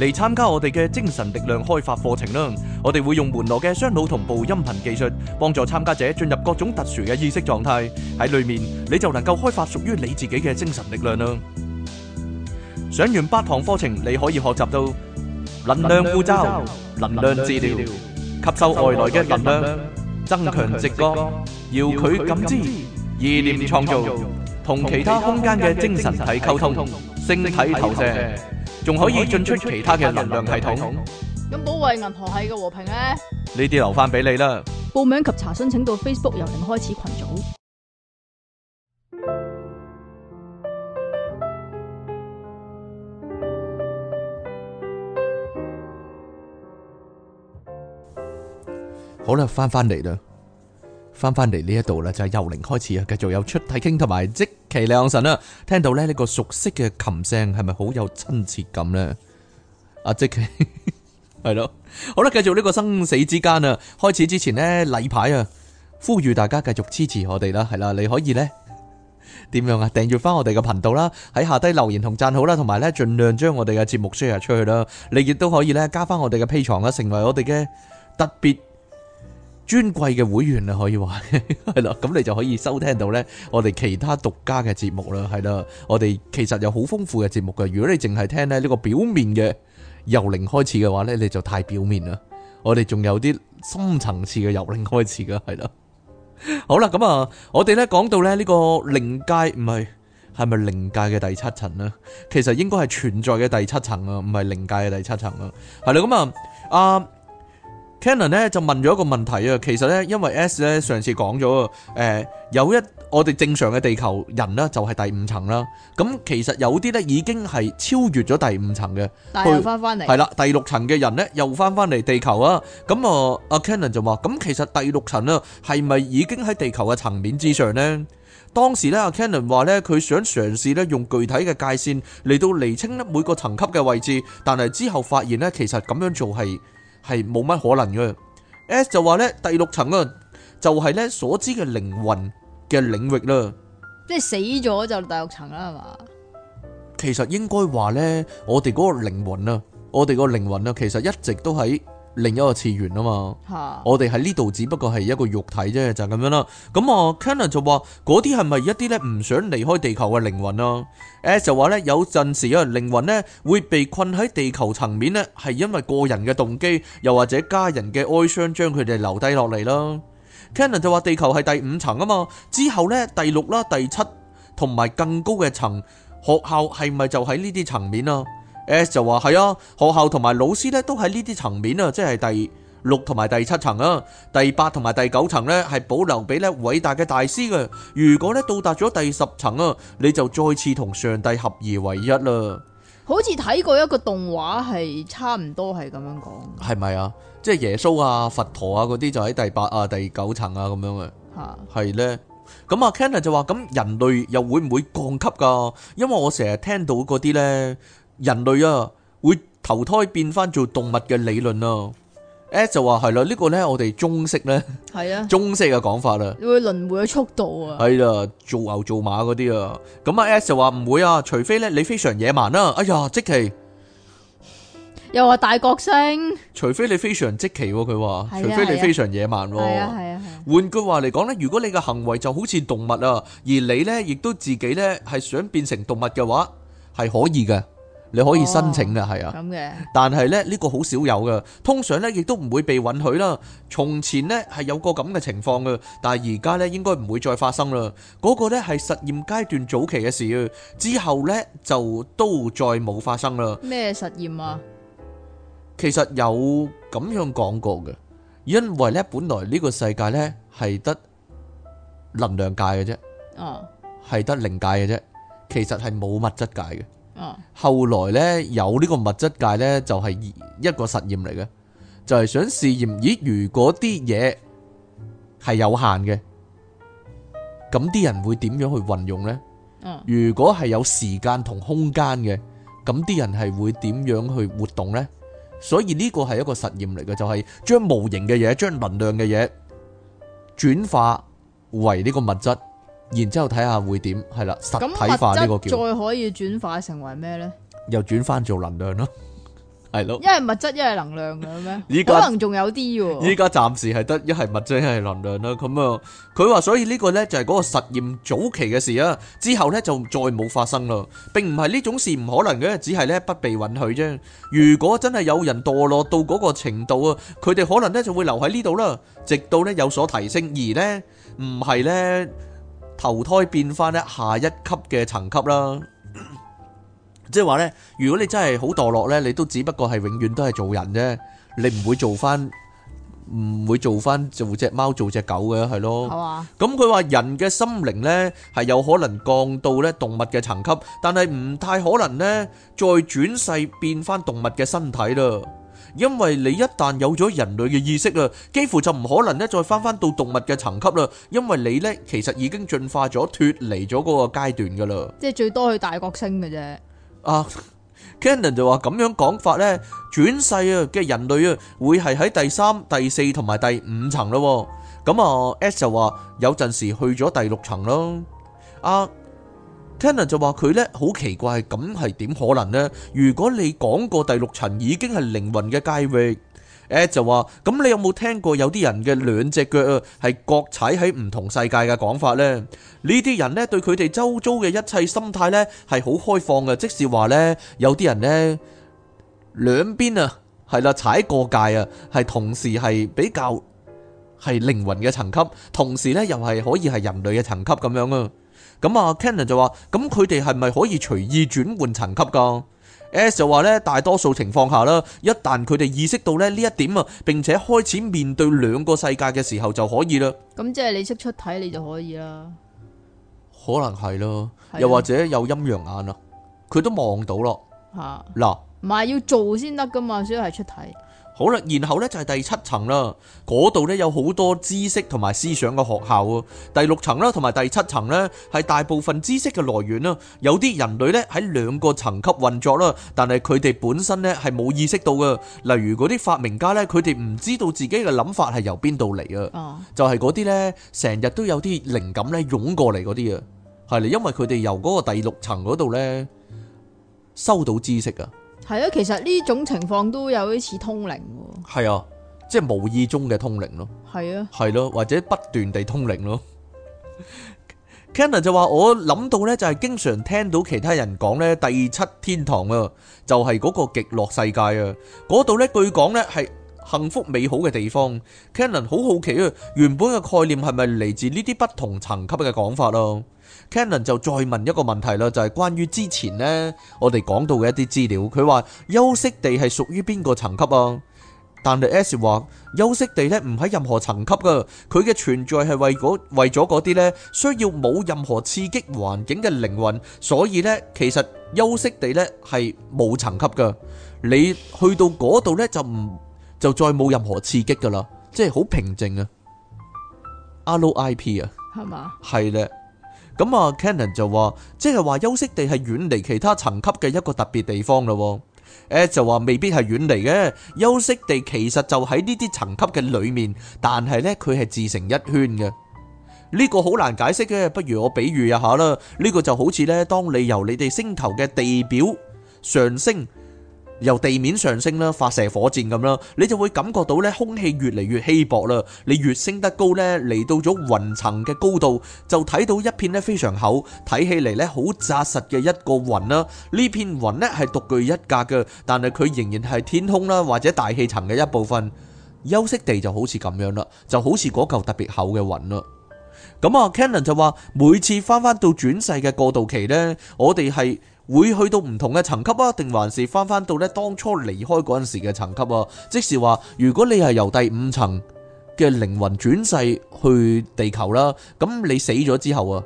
嚟參加我哋嘅精神力量開發課程啦！我哋會用門羅嘅雙腦同步音頻技術，幫助參加者進入各種特殊嘅意識狀態。喺裏面，你就能夠開發屬於你自己嘅精神力量啦！上完八堂課程，你可以學習到能量呼吸、能量治療、吸收外來嘅能量、增強直覺、遙距感知、意念創造、同其他空間嘅精神體溝通、星體投射。仲可以進出其他嘅能量系統。咁保衛銀河系嘅和平咧？呢啲留翻俾你啦。報名及查詢請到 Facebook 由零開始群組。好啦，翻翻嚟啦。翻翻嚟呢一度啦，就係、是、由零開始啊，繼續有出睇傾同埋即其亮神啊！聽到咧呢個熟悉嘅琴聲，係咪好有親切感呢？啊，即其係咯， 好啦，繼續呢個生死之間啊！開始之前呢，禮牌啊，呼籲大家繼續支持我哋啦，係啦，你可以呢點樣啊？訂閱翻我哋嘅頻道啦，喺下低留言同讚好啦，同埋呢盡量將我哋嘅節目 share 出去啦，你亦都可以呢，加翻我哋嘅 Patreon 啦，成為我哋嘅特別。尊貴嘅會員啊，可以話係咯，咁 你就可以收聽到呢，我哋其他獨家嘅節目啦，係啦，我哋其實有好豐富嘅節目嘅，如果你淨係聽呢呢個表面嘅由零開始嘅話呢，你就太表面啦，我哋仲有啲深層次嘅由零開始嘅，係啦， 好啦，咁啊，我哋呢講到呢，呢個靈界唔係係咪靈界嘅第七層咧？其實應該係存在嘅第七層啊，唔係靈界嘅第七層啊，係啦，咁啊啊。Canon 咧就問咗一個問題啊，其實咧因為 S 咧上次講咗啊，有一我哋正常嘅地球人呢，就係第五層啦，咁其實有啲咧已經係超越咗第五層嘅，翻翻嚟係啦，第六層嘅人咧又翻翻嚟地球啊，咁啊阿 Canon 就話，咁其實第六層啊係咪已經喺地球嘅層面之上呢？當時咧阿 Canon 話咧，佢想嘗試咧用具體嘅界線嚟到釐清每個層級嘅位置，但係之後發現咧其實咁樣做係。係冇乜可能嘅，S 就話咧第六層啊就係咧所知嘅靈魂嘅領域啦，即係死咗就第六層啦係嘛？其實應該話咧，我哋嗰個靈魂啊，我哋個靈魂啊，其實一直都喺。另一個次元啊嘛，我哋喺呢度只不過係一個肉體啫，就咁樣啦。咁、嗯、啊 Cannon 就話嗰啲係咪一啲呢唔想離開地球嘅靈魂啊？S 就話呢，有陣時啊，靈魂呢會被困喺地球層面呢係因為個人嘅動機，又或者家人嘅哀傷將佢哋留低落嚟啦。Cannon 就話地球係第五層啊嘛，之後呢，第六啦、第七同埋更高嘅層，學校係咪就喺呢啲層面啊？S, S 就話係啊，學校同埋老師咧都喺呢啲層面啊，即係第六同埋第七層啊，第八同埋第九層咧係保留俾咧偉大嘅大師嘅。如果咧到達咗第十層啊，你就再次同上帝合而為一啦。好似睇過一個動畫係差唔多係咁樣講，係咪啊？即係耶穌啊、佛陀啊嗰啲就喺第八啊、第九層啊咁樣嘅。吓、啊，係咧。咁啊 Canner 就話，咁人類又會唔會降級噶？因為我成日聽到嗰啲咧。人類啊，會投胎變翻做動物嘅理論啊。S，就話係啦，呢個咧我哋中式咧，係啊，中式嘅講法啦。你會輪回嘅速度啊，係啦，做牛做馬嗰啲啊。咁啊，S 就話唔會啊，除非咧你非常野蠻啦。哎呀，即奇又話大角星，除非你非常即奇，佢話除非你非常野蠻。係啊，係啊，係。換句話嚟講咧，如果你嘅行為就好似動物啊，而你咧亦都自己咧係想變成動物嘅話，係可以嘅。你可以申請嘅，係啊，咁，但係咧呢個好少有嘅，通常咧亦都唔會被允許啦。從前咧係有個咁嘅情況嘅，但係而家咧應該唔會再發生啦。嗰個咧係實驗階段早期嘅事啊，之後咧就都再冇發生啦。咩實驗啊？其實有咁樣講過嘅，因為咧本來呢個世界咧係得能量界嘅啫，係得靈界嘅啫，其實係冇物質界嘅。後來咧有呢個物質界咧就係一個實驗嚟嘅，就係想試驗咦，如果啲嘢係有限嘅，咁啲人會點樣去運用呢？如果係有時間同空間嘅，咁啲人係會點樣去活動呢？所以呢個係一個實驗嚟嘅，就係將無形嘅嘢，將能量嘅嘢轉化為呢個物質。然之後睇下會點係啦，實體化呢個叫再可以轉化成為咩呢？又轉翻做能量咯，係咯。一係物質，一係能量嘅咩？可能仲有啲嘅。依家暫時係得一係物質，一係能量啦。咁啊，佢話所以呢個呢就係嗰個實驗早期嘅事啊。之後呢就再冇發生咯，並唔係呢種事唔可能嘅，只係呢不被允許啫。如果真係有人墮落到嗰個程度啊，佢哋可能呢就會留喺呢度啦，直到呢有所提升。而呢唔係呢。投胎變翻咧下一級嘅層級啦，即係話呢，如果你真係好墮落呢，你都只不過係永遠都係做人啫，你唔會做翻，唔會做翻做隻貓做隻狗嘅係咯。咁佢話人嘅心靈呢係有可能降到咧動物嘅層級，但係唔太可能呢再轉世變翻動物嘅身體啦。因為你一旦有咗人類嘅意識啊，幾乎就唔可能咧再返返到動物嘅層級啦。因為你咧其實已經進化咗，脫離咗嗰個階段㗎喇。即係最多去大國星嘅啫。啊，Cannon 就話咁樣講法咧，轉世啊嘅人類啊會係喺第三、第四同埋第五層咯。咁啊，S 就話有陣時去咗第六層咯。啊！Tanner 就話佢呢，好奇怪，咁係點可能呢？如果你講過第六層已經係靈魂嘅界域就話，咁你有冇聽過有啲人嘅兩隻腳啊係各踩喺唔同世界嘅講法呢？呢啲人呢，對佢哋周遭嘅一切心態呢，係好開放嘅，即使話呢，有啲人呢，兩邊啊係啦踩過界啊，係同時係比較係靈魂嘅層級，同時呢，又係可以係人類嘅層級咁樣啊。咁啊，Cannon 就話，咁佢哋係咪可以隨意轉換層級噶？S 就話咧，大多數情況下啦，一旦佢哋意識到咧呢一點啊，並且開始面對兩個世界嘅時候就可以啦。咁即係你識出體你就可以啦，可能係咯，又或者有陰陽眼的啊，佢都望到咯。吓嗱，唔係要做先得噶嘛，所以係出體。好啦，然後呢就係第七層啦，嗰度呢有好多知識同埋思想嘅學校啊。第六層啦，同埋第七層呢係大部分知識嘅來源啦。有啲人類呢喺兩個層級運作啦，但係佢哋本身呢係冇意識到嘅。例如嗰啲發明家呢，佢哋唔知道自己嘅諗法係由邊度嚟啊？哦、就係嗰啲呢成日都有啲靈感呢湧過嚟嗰啲啊，係嚟，因為佢哋由嗰個第六層嗰度呢收到知識啊。係啊，其實呢種情況都有啲似通靈喎。係啊，即係無意中嘅通靈咯。係啊，係咯，或者不斷地通靈咯。Kenan 就話：我諗到呢，就係經常聽到其他人講呢，第七天堂啊，就係嗰個極樂世界啊。嗰度呢，據講呢係幸福美好嘅地方。Kenan 好好奇啊，原本嘅概念係咪嚟自呢啲不同層級嘅講法啊？Canon 就再問一個問題啦，就係、是、關於之前呢，我哋講到嘅一啲資料，佢話休息地係屬於邊個層級啊？但係 S 話休息地呢唔喺任何層級噶，佢嘅存在係為為咗嗰啲呢需要冇任何刺激環境嘅靈魂，所以呢，其實休息地呢係冇層級噶，你去到嗰度呢，就唔就再冇任何刺激噶啦，即係好平靜啊。R.I.P. 啊，係嘛？係咧。P, 吧咁啊 Cannon 就話，即係話休息地係遠離其他層級嘅一個特別地方啦。喎，就話未必係遠離嘅，休息地其實就喺呢啲層級嘅裏面，但係呢，佢係自成一圈嘅。呢、這個好難解釋嘅，不如我比喻一下啦。呢、這個就好似呢，當你由你哋星球嘅地表上升。由地面上升啦，發射火箭咁啦，你就會感覺到呢空氣越嚟越稀薄啦。你越升得高呢，嚟到咗雲層嘅高度，就睇到一片呢非常厚，睇起嚟呢好紮實嘅一個雲啦。呢片雲呢係獨具一格嘅，但係佢仍然係天空啦或者大氣層嘅一部分。休息地就好似咁樣啦，就好似嗰嚿特別厚嘅雲啦。咁啊，Cannon 就話：每次翻翻到轉世嘅過渡期呢，我哋係。會去到唔同嘅層級啊？定還是翻翻到呢當初離開嗰陣時嘅層級啊？即是話，如果你係由第五層嘅靈魂轉世去地球啦，咁你死咗之後啊，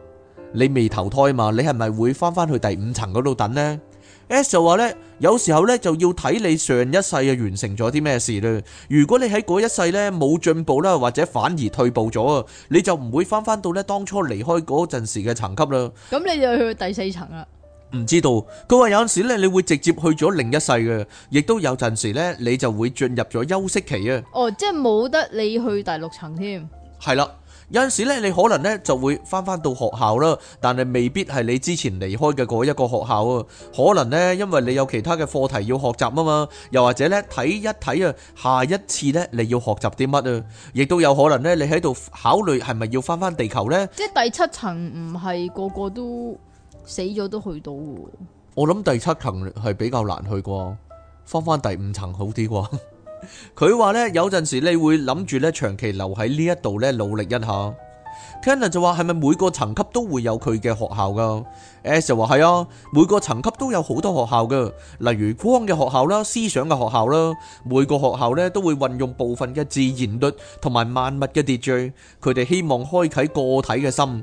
你未投胎嘛？你係咪會翻翻去第五層嗰度等呢？S 就話呢，有時候呢，就要睇你上一世啊完成咗啲咩事啦。如果你喺嗰一世呢冇進步啦，或者反而退步咗啊，你就唔會翻翻到呢當初離開嗰陣時嘅層級啦，咁你就去第四層啦。唔知道，佢話有陣時咧，你會直接去咗另一世嘅，亦都有陣時咧，你就會進入咗休息期啊。哦，即係冇得你去第六層添。係啦，有陣時咧，你可能咧就會翻翻到學校啦，但係未必係你之前離開嘅嗰一個學校啊。可能呢，因為你有其他嘅課題要學習啊嘛，又或者咧睇一睇啊，下一次咧你要學習啲乜啊？亦都有可能咧，你喺度考慮係咪要翻翻地球呢？即係第七層唔係個個都。死咗都去到，我諗第七層係比較難去啩，翻翻第五層好啲啩。佢 話呢，有陣時你會諗住呢長期留喺呢一度呢努力一下。Ken 就話係咪每個層級都會有佢嘅學校噶？Elsa 話係啊，每個層級都有好多學校嘅，例如光嘅學校啦、思想嘅學校啦。每個學校呢，都會運用部分嘅自然律同埋萬物嘅秩序，佢哋希望開啟個體嘅心。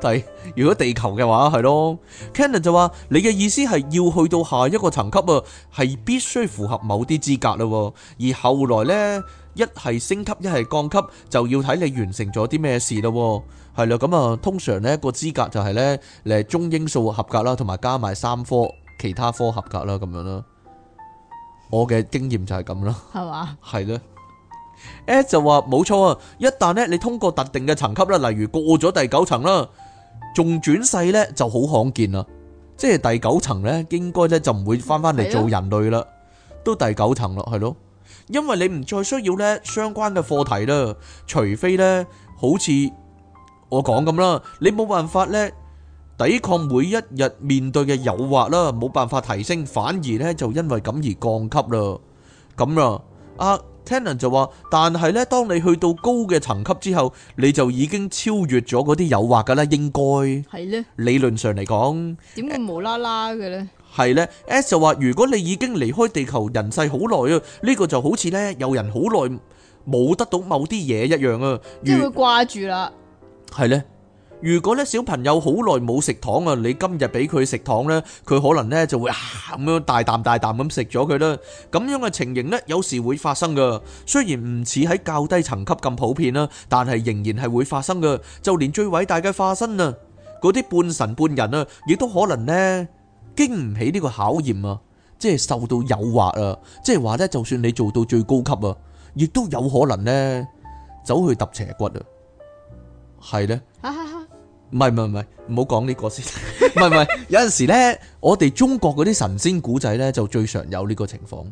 但如果地球嘅話係咯 Cannon 就話你嘅意思係要去到下一個層級啊，係必須符合某啲資格啦。而後來呢，一係升級一係降級，就要睇你完成咗啲咩事啦。係啦，咁啊，通常呢個資格就係、是、呢，你係中英數合格啦，同埋加埋三科其他科合格啦，咁樣啦。我嘅經驗就係咁啦，係嘛吧？係呢？a 就話冇錯啊，一旦呢，你通過特定嘅層級啦，例如過咗第九層啦。仲轉世呢就好罕見啦，即係第九層呢，應該呢就唔會翻翻嚟做人類啦，都第九層咯，係咯，因為你唔再需要呢相關嘅課題啦，除非呢好似我講咁啦，你冇辦法呢抵抗每一日面對嘅誘惑啦，冇辦法提升，反而呢就因為咁而降級啦，咁啊。阿 Tanner 就話：但係咧，當你去到高嘅層級之後，你就已經超越咗嗰啲誘惑㗎啦，應該。係咧。理論上嚟講。點會無啦啦嘅咧？係咧，S 就話：如果你已經離開地球人世好耐啊，呢個就好似咧有人好耐冇得到某啲嘢一樣啊，即係會掛住啦。係咧。如果咧小朋友好耐冇食糖啊，你今日俾佢食糖咧，佢可能咧就會咁樣大啖大啖咁食咗佢啦。咁樣嘅情形咧，有時會發生噶。雖然唔似喺較低層級咁普遍啦，但係仍然係會發生噶。就連最偉大嘅化身啊，嗰啲半神半人啊，亦都可能咧經唔起呢個考驗啊，即係受到誘惑啊。即係話咧，就算你做到最高級啊，亦都有可能咧走去揼邪骨啊。係咧。唔係唔係唔係，唔好講呢個先。唔係唔係，有陣時咧，我哋中國嗰啲神仙古仔咧，就最常有呢個情況，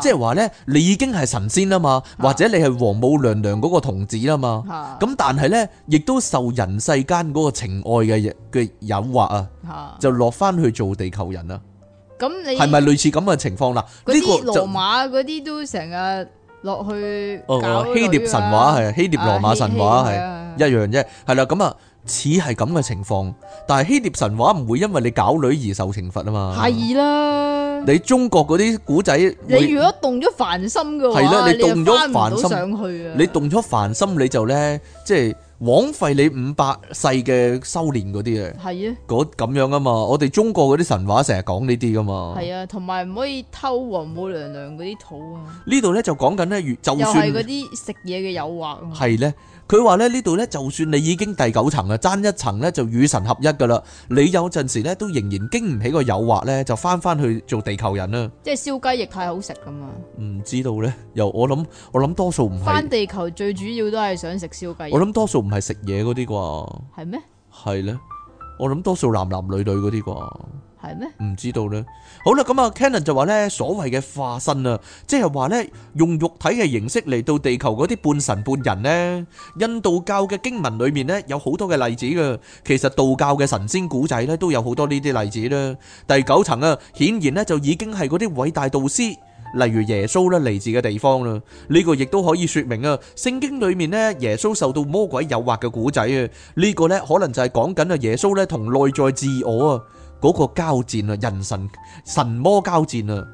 即係話咧，你已經係神仙啊嘛，或者你係王母娘娘嗰個童子啊嘛，咁但係咧，亦都受人世間嗰個情愛嘅嘅誘惑啊，就落翻去做地球人啊。咁你係咪類似咁嘅情況啦？呢個羅馬嗰啲都成日落去哦希臘神話係，希臘羅馬神話係一樣啫，係啦咁啊。似係咁嘅情況，但係希臘神話唔會因為你搞女而受懲罰啊嘛。係啦的，你中國嗰啲古仔，你如果動咗凡心嘅喎，你又動咗凡心，翻唔到上去啊！你動咗凡心，你就咧即係。枉費你五百世嘅修煉嗰啲嘅，係啊，嗰咁樣啊嘛，我哋中國嗰啲神話成日講呢啲噶嘛，係啊，同埋唔可以偷王母娘娘嗰啲土啊。這裡呢度咧就講緊咧，就，就算又係嗰啲食嘢嘅誘惑。係咧，佢話咧呢度咧，就算你已經第九層啊，爭一層咧就與神合一噶啦，你有陣時咧都仍然經唔起個誘惑咧，就翻翻去做地球人啦。即係燒雞翼太好食噶嘛？唔知道咧，又我諗我諗多數唔翻地球，最主要都係想食燒雞翼。我諗多數。唔係食嘢嗰啲啩？係咩？係咧，我諗多數男男女女嗰啲啩？係咩？唔知道咧。好啦，咁啊，Canon 就話咧，所謂嘅化身啊，即係話咧，用肉體嘅形式嚟到地球嗰啲半神半人咧。印度教嘅經文裏面咧，有好多嘅例子噶。其實道教嘅神仙古仔咧，都有好多呢啲例子啦。第九層啊，顯然咧就已經係嗰啲偉大導師。例如耶穌咧，嚟自嘅地方啦，呢、這個亦都可以說明啊，聖經裡面咧耶穌受到魔鬼誘惑嘅故仔啊，呢、這個咧可能就係講緊啊，耶穌咧同內在自我啊嗰、那個交戰啊，人神神魔交戰啊，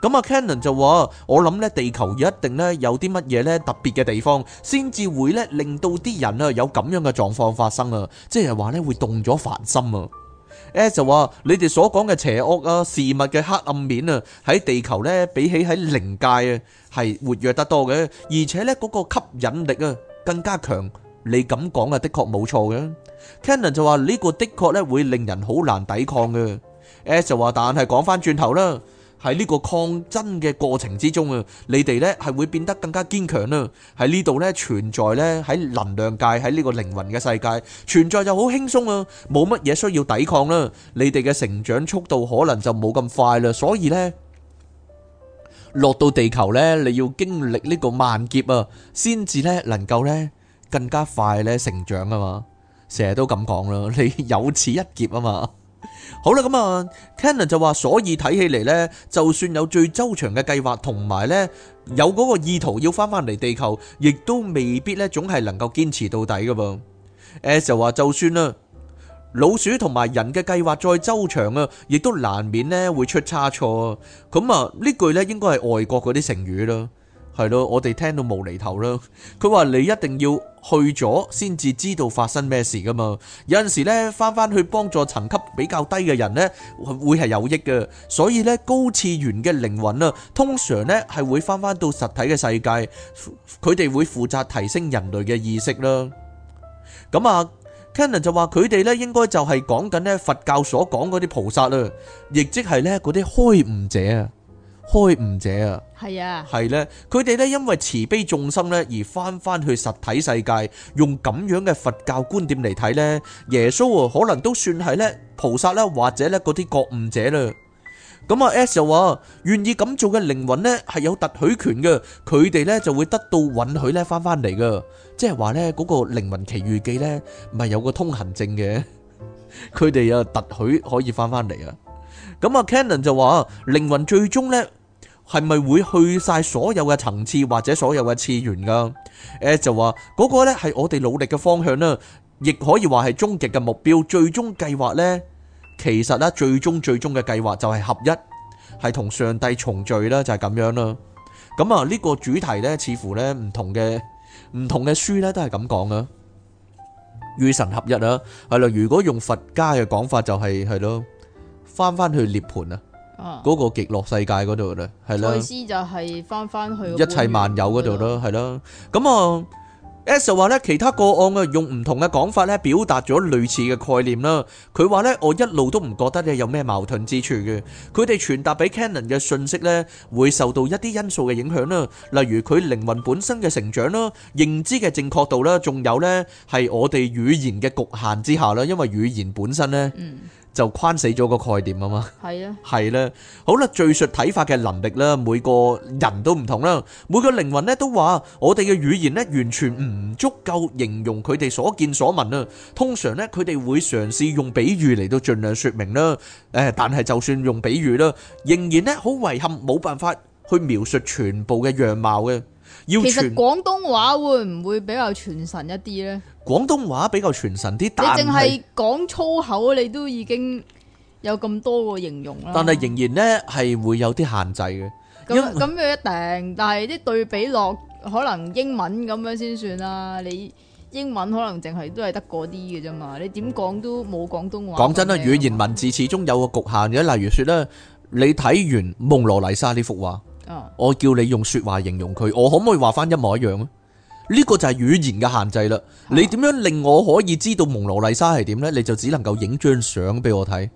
咁啊 Canon 就話，我諗咧地球一定咧有啲乜嘢咧特別嘅地方，先至會咧令到啲人啊有咁樣嘅狀況發生啊，即係話咧會動咗凡心啊。S, S 就話你哋所講嘅邪惡啊、事物嘅黑暗面啊，喺地球呢比起喺靈界啊係活躍得多嘅，而且呢嗰個吸引力啊更加強。你咁講啊，的確冇錯嘅。Cannon 就話呢個的確呢會令人好難抵抗嘅。S 就話，但係講翻轉頭啦。喺呢個抗爭嘅過程之中啊，你哋呢係會變得更加堅強啦。喺呢度呢存在呢喺能量界，喺呢個靈魂嘅世界存在就好輕鬆啊，冇乜嘢需要抵抗啦。你哋嘅成長速度可能就冇咁快啦，所以呢落到地球呢，你要經歷呢個萬劫啊，先至呢能夠呢更加快呢成長啊嘛。成日都咁講啦，你有此一劫啊嘛。好啦，咁啊，Ken n 就話，所以睇起嚟呢，就算有最周長嘅計劃，同埋呢有嗰個意圖要翻返嚟地球，亦都未必呢總係能夠堅持到底噶噃。S 就話，就算啦，老鼠同埋人嘅計劃再周長啊，亦都難免呢會出差錯啊。咁啊，呢句呢應該係外國嗰啲成語啦。係咯，我哋聽到無厘頭啦。佢話你一定要去咗先至知道發生咩事噶嘛。有陣時咧，翻翻去幫助層級比較低嘅人咧，會係有益嘅。所以咧，高次元嘅靈魂啦，通常咧係會翻翻到實體嘅世界，佢哋會負責提升人類嘅意識啦。咁啊，Kennan 就話佢哋咧應該就係講緊咧佛教所講嗰啲菩薩啦，亦即係咧嗰啲開悟者啊。開悟者啊，係啊，係咧，佢哋咧因為慈悲眾生咧而翻翻去實體世界，用咁樣嘅佛教觀點嚟睇咧，耶穌啊可能都算係咧菩薩啦，或者咧嗰啲覺悟者啦。咁啊 S 又話願意咁做嘅靈魂咧係有特許權嘅，佢哋咧就會得到允許咧翻翻嚟噶，即係話咧嗰個靈魂奇遇記咧唔係有個通行證嘅，佢哋有特許可以翻翻嚟啊。咁啊，Canon 就話靈魂最終咧係咪會去晒所有嘅層次或者所有嘅次元噶？誒，就話嗰個咧係我哋努力嘅方向啦，亦可以話係終極嘅目標。最終計劃咧，其實咧最終最終嘅計劃就係合一，係同上帝重聚啦，就係咁樣啦。咁啊，呢個主題咧，似乎咧唔同嘅唔同嘅書咧都係咁講啊，與神合一啦，係啦。如果用佛家嘅講法，就係係咯。翻翻去涅盤啊！嗰個極樂世界嗰度咧，係咯。意思就係翻翻去一切萬有嗰度咯，係咯。咁啊，S 就話咧，其他個案啊，用唔同嘅講法咧，表達咗類似嘅概念啦。佢話咧，我一路都唔覺得咧有咩矛盾之處嘅。佢哋傳達俾 Canon 嘅信息咧，會受到一啲因素嘅影響啦，例如佢靈魂本身嘅成長啦、認知嘅正確度啦，仲有咧係我哋語言嘅局限之下啦，因為語言本身咧。就框死咗個概念啊嘛，係啦，係啦，好啦，敘述睇法嘅能力咧，每個人都唔同啦，每個靈魂咧都話，我哋嘅語言咧完全唔足夠形容佢哋所見所聞啊。通常咧，佢哋會嘗試用比喻嚟到盡量説明啦。誒，但係就算用比喻啦，仍然咧好遺憾，冇辦法去描述全部嘅樣貌嘅。要其實廣東話會唔會比較傳神一啲呢？廣東話比較傳神啲，但係你淨係講粗口，你都已經有咁多個形容啦。但係仍然呢係會有啲限制嘅。咁咁樣一定，但係啲對比落可能英文咁樣先算啦。你英文可能淨係都係得嗰啲嘅啫嘛。你點講都冇廣東話。講真啦，語言文字始終有個局限嘅。例如說咧，你睇完《蒙羅麗莎》呢幅畫，我叫你用說話形容佢，我可唔可以話翻一模一樣啊？呢個就係語言嘅限制啦，你點樣令我可以知道蒙羅麗莎係點呢？你就只能夠影張相俾我睇，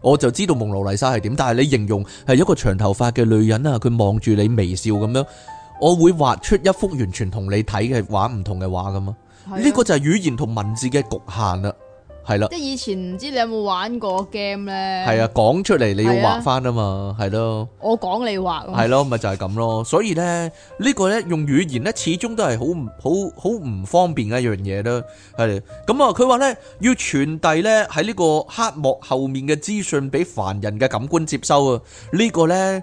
我就知道蒙羅麗莎係點。但係你形容係一個長頭髮嘅女人啊，佢望住你微笑咁樣，我會畫出一幅完全同你睇嘅畫唔同嘅畫噶嘛？呢個就係語言同文字嘅局限啦。係啦，即係以前唔知你有冇玩過 game 咧？係啊，講出嚟，你要畫翻啊嘛，係咯。我講你畫，係咯，咪就係咁咯。所以咧，呢個咧用語言咧，始終都係好唔好好唔方便嘅一樣嘢咯。係咁啊，佢話咧要傳遞咧喺呢個黑幕後面嘅資訊俾凡人嘅感官接收啊，呢個咧。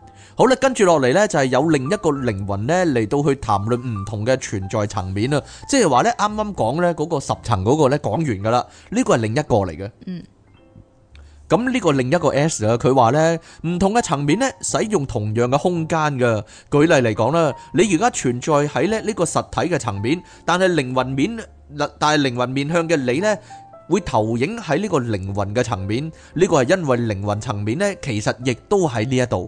好啦，跟住落嚟呢，就係有另一個靈魂呢嚟到去談論唔同嘅存在層面啊，即係話呢，啱啱講呢嗰個十層嗰個呢講完噶啦，呢個係另一個嚟嘅。嗯，咁呢個另一個 S 啊，佢話呢唔同嘅層面呢，使用同樣嘅空間噶。舉例嚟講啦，你而家存在喺呢呢個實體嘅層面，但係靈魂面，但係靈魂面向嘅你呢，會投影喺呢個靈魂嘅層面。呢個係因為靈魂層面呢，其實亦都喺呢一度。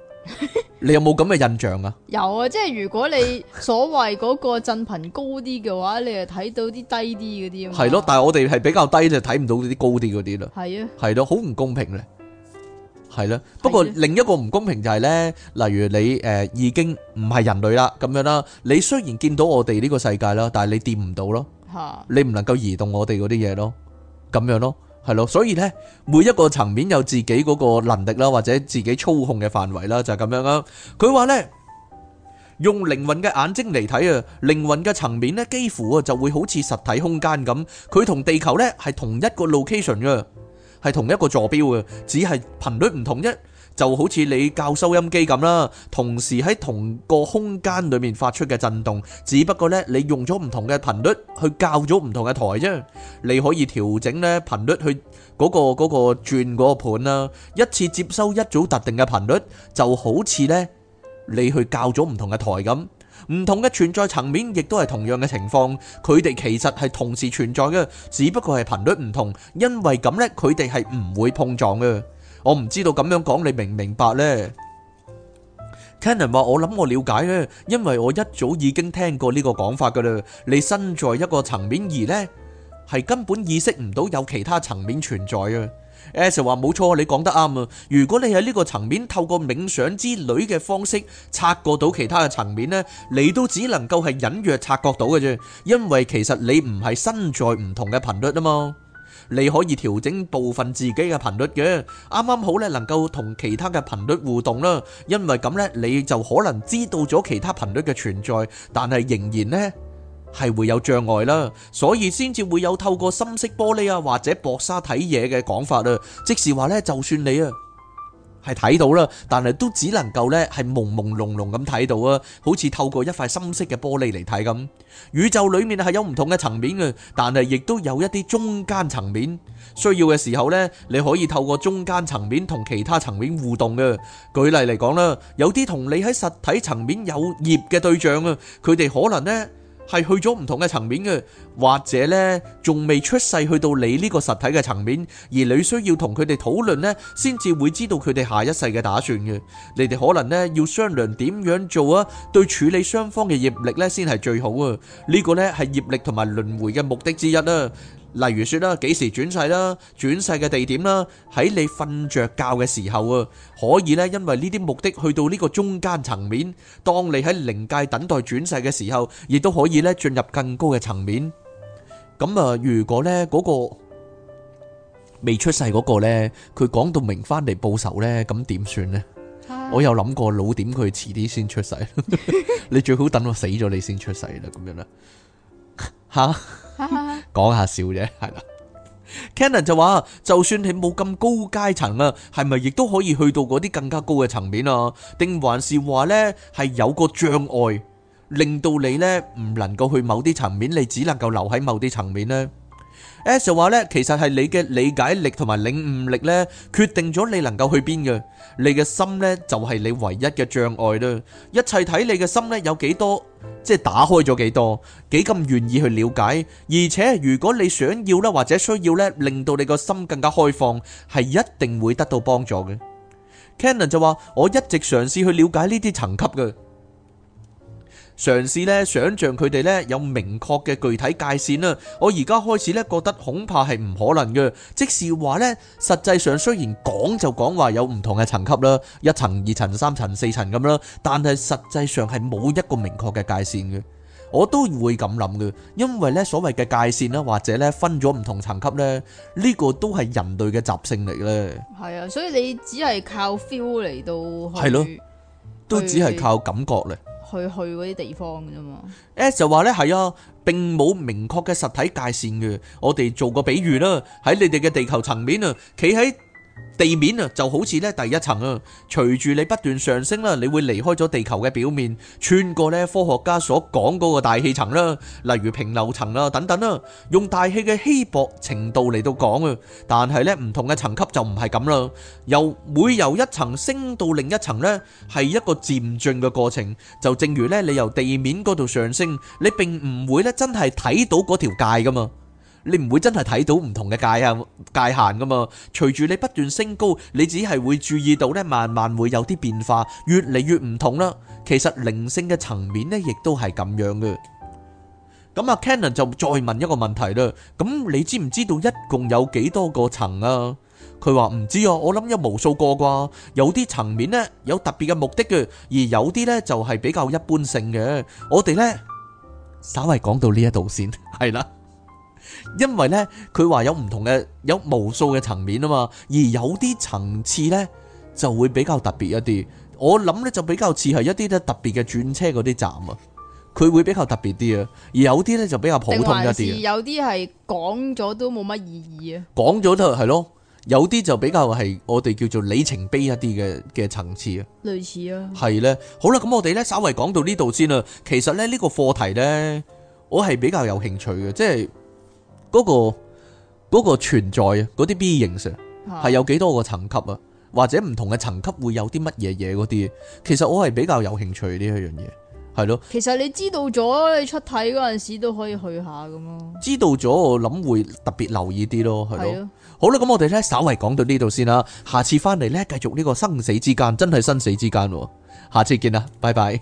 你有冇咁嘅印象啊？ 有啊，即係如果你所謂嗰個振頻高啲嘅話，你就睇到啲低啲嗰啲啊。係咯 但係我哋係比較低就睇唔到啲高啲嗰啲啦。係啊， 係咯，好唔公平咧。係啦，的不過另一個唔公平就係、是、咧，例如你誒、呃、已經唔係人類啦，咁樣啦，你雖然見到我哋呢個世界啦，但係你掂唔到咯， 你唔能夠移動我哋嗰啲嘢咯，咁樣咯。係咯，所以呢，每一個層面有自己嗰個能力啦，或者自己操控嘅範圍啦，就係咁樣啦。佢話呢，用靈魂嘅眼睛嚟睇啊，靈魂嘅層面呢，幾乎啊就會好似實體空間咁，佢同地球呢係同一個 location 噶，係同一個坐標噶，只係頻率唔同啫。就好似你教收音機咁啦，同時喺同個空間裏面發出嘅震動，只不過呢，你用咗唔同嘅頻率去教咗唔同嘅台啫。你可以調整呢頻率去嗰個嗰個轉嗰個盤啦，一次接收一組特定嘅頻率，就好似呢，你去教咗唔同嘅台咁。唔同嘅存在層面亦都係同樣嘅情況，佢哋其實係同時存在嘅，只不過係頻率唔同，因為咁呢，佢哋係唔會碰撞嘅。我唔知道咁樣講你明唔明白呢？Cannon 話，我諗我了解啊，因為我一早已經聽過呢個講法噶啦。你身在一個層面而，呢係根本意識唔到有其他層面存在啊。Asa 話冇錯，你講得啱啊。如果你喺呢個層面透過冥想之類嘅方式，察覺到其他嘅層面呢，你都只能夠係隱約察覺到嘅啫，因為其實你唔係身在唔同嘅頻率啊嘛。你可以調整部分自己嘅頻率嘅，啱啱好咧能夠同其他嘅頻率互動啦，因為咁咧你就可能知道咗其他頻率嘅存在，但係仍然咧係會有障礙啦，所以先至會有透過深色玻璃啊或者薄紗睇嘢嘅講法啊，即是話咧就算你啊。係睇到啦，但係都只能夠呢係朦朦朧朧咁睇到啊，好似透過一塊深色嘅玻璃嚟睇咁。宇宙裏面係有唔同嘅層面嘅，但係亦都有一啲中間層面，需要嘅時候呢，你可以透過中間層面同其他層面互動嘅。舉例嚟講啦，有啲同你喺實體層面有業嘅對象啊，佢哋可能呢。係去咗唔同嘅層面嘅，或者呢仲未出世去到你呢個實體嘅層面，而你需要同佢哋討論呢，先至會知道佢哋下一世嘅打算嘅。你哋可能呢要商量點樣做啊，對處理雙方嘅業力呢先係最好啊。呢個呢係業力同埋輪迴嘅目的之一啊。例如說啦，幾時轉世啦，轉世嘅地點啦，喺你瞓着覺嘅時候啊，可以咧，因為呢啲目的去到呢個中間層面，當你喺靈界等待轉世嘅時候，亦都可以咧進入更高嘅層面。咁啊，如果咧嗰個未出世嗰個咧，佢講到明翻嚟報仇咧，咁點算咧？我有諗過，老點佢，遲啲先出世。你最好等我死咗，你先出世啦，咁樣啦，吓。講下笑啫，係啦。Canon 就話：就算你冇咁高階層啊，係咪亦都可以去到嗰啲更加高嘅層面啊？定還是話呢係有個障礙，令到你呢唔能夠去某啲層面，你只能夠留喺某啲層面呢？S, S 就話呢，其實係你嘅理解力同埋領悟力呢，決定咗你能夠去邊嘅。你嘅心呢，就係你唯一嘅障礙啦。一切睇你嘅心呢，有幾多，即係打開咗幾多，幾咁願意去了解。而且如果你想要呢，或者需要呢，令到你個心更加開放，係一定會得到幫助嘅。Cannon 就話：我一直嘗試去了解呢啲層級嘅。嘗試咧想象佢哋咧有明確嘅具體界線啦，我而家開始咧覺得恐怕係唔可能嘅。即是話呢，實際上雖然講就講話有唔同嘅層級啦，一層、二層、三層、四層咁啦，但係實際上係冇一個明確嘅界線嘅。我都會咁諗嘅，因為呢所謂嘅界線啦，或者呢分咗唔同層級呢呢、呢個都係人類嘅習性嚟咧。係啊，所以你只係靠 feel 嚟到，係咯，都只係靠感覺咧。去去嗰啲地方嘅啫嘛，S、欸、就話咧係啊，並冇明確嘅實體界線嘅，我哋做個比喻啦，喺你哋嘅地球層面啊，企喺。地面啊，就好似咧第一層啊。隨住你不斷上升啦，你會離開咗地球嘅表面，穿過咧科學家所講嗰個大氣層啦，例如平流層啦等等啦。用大氣嘅稀薄程度嚟到講啊，但係咧唔同嘅層級就唔係咁啦。由每由一層升到另一層咧，係一個漸進嘅過程。就正如咧你由地面嗰度上升，你並唔會咧真係睇到嗰條界噶嘛。你唔會真係睇到唔同嘅界啊界限噶嘛？隨住你不斷升高，你只係會注意到咧，慢慢會有啲變化，越嚟越唔同啦。其實靈性嘅層面咧，亦都係咁樣嘅。咁啊，Cannon 就再問一個問題啦。咁你知唔知道一共有幾多個層啊？佢話唔知啊，我諗有無數個啩。有啲層面咧，有特別嘅目的嘅，而有啲咧就係比較一般性嘅。我哋咧，稍微講到呢一度先，係啦。因為呢，佢話有唔同嘅有無數嘅層面啊嘛，而有啲層次呢就會比較特別一啲。我諗呢就比較似係一啲咧特別嘅轉車嗰啲站啊，佢會比較特別啲啊。而有啲呢就比較普通一啲，就是。有啲係講咗都冇乜意義啊。講咗都係咯，有啲就比較係我哋叫做里程碑一啲嘅嘅層次啊。類似啊。係呢。好啦，咁我哋呢，稍微講到呢度先啦。其實呢，呢個課題呢，我係比較有興趣嘅，即係。嗰、那個嗰、那個存在嗰啲 B 型上係有幾多個層級啊？或者唔同嘅層級會有啲乜嘢嘢嗰啲？其實我係比較有興趣呢一樣嘢，係、這、咯、個。其實你知道咗，你出體嗰陣時都可以去下咁咯。知道咗，我諗會特別留意啲咯，係咯。的好啦，咁我哋咧稍為講到呢度先啦。下次翻嚟咧，繼續呢個生死之間，真係生死之間喎。下次見啦，拜拜。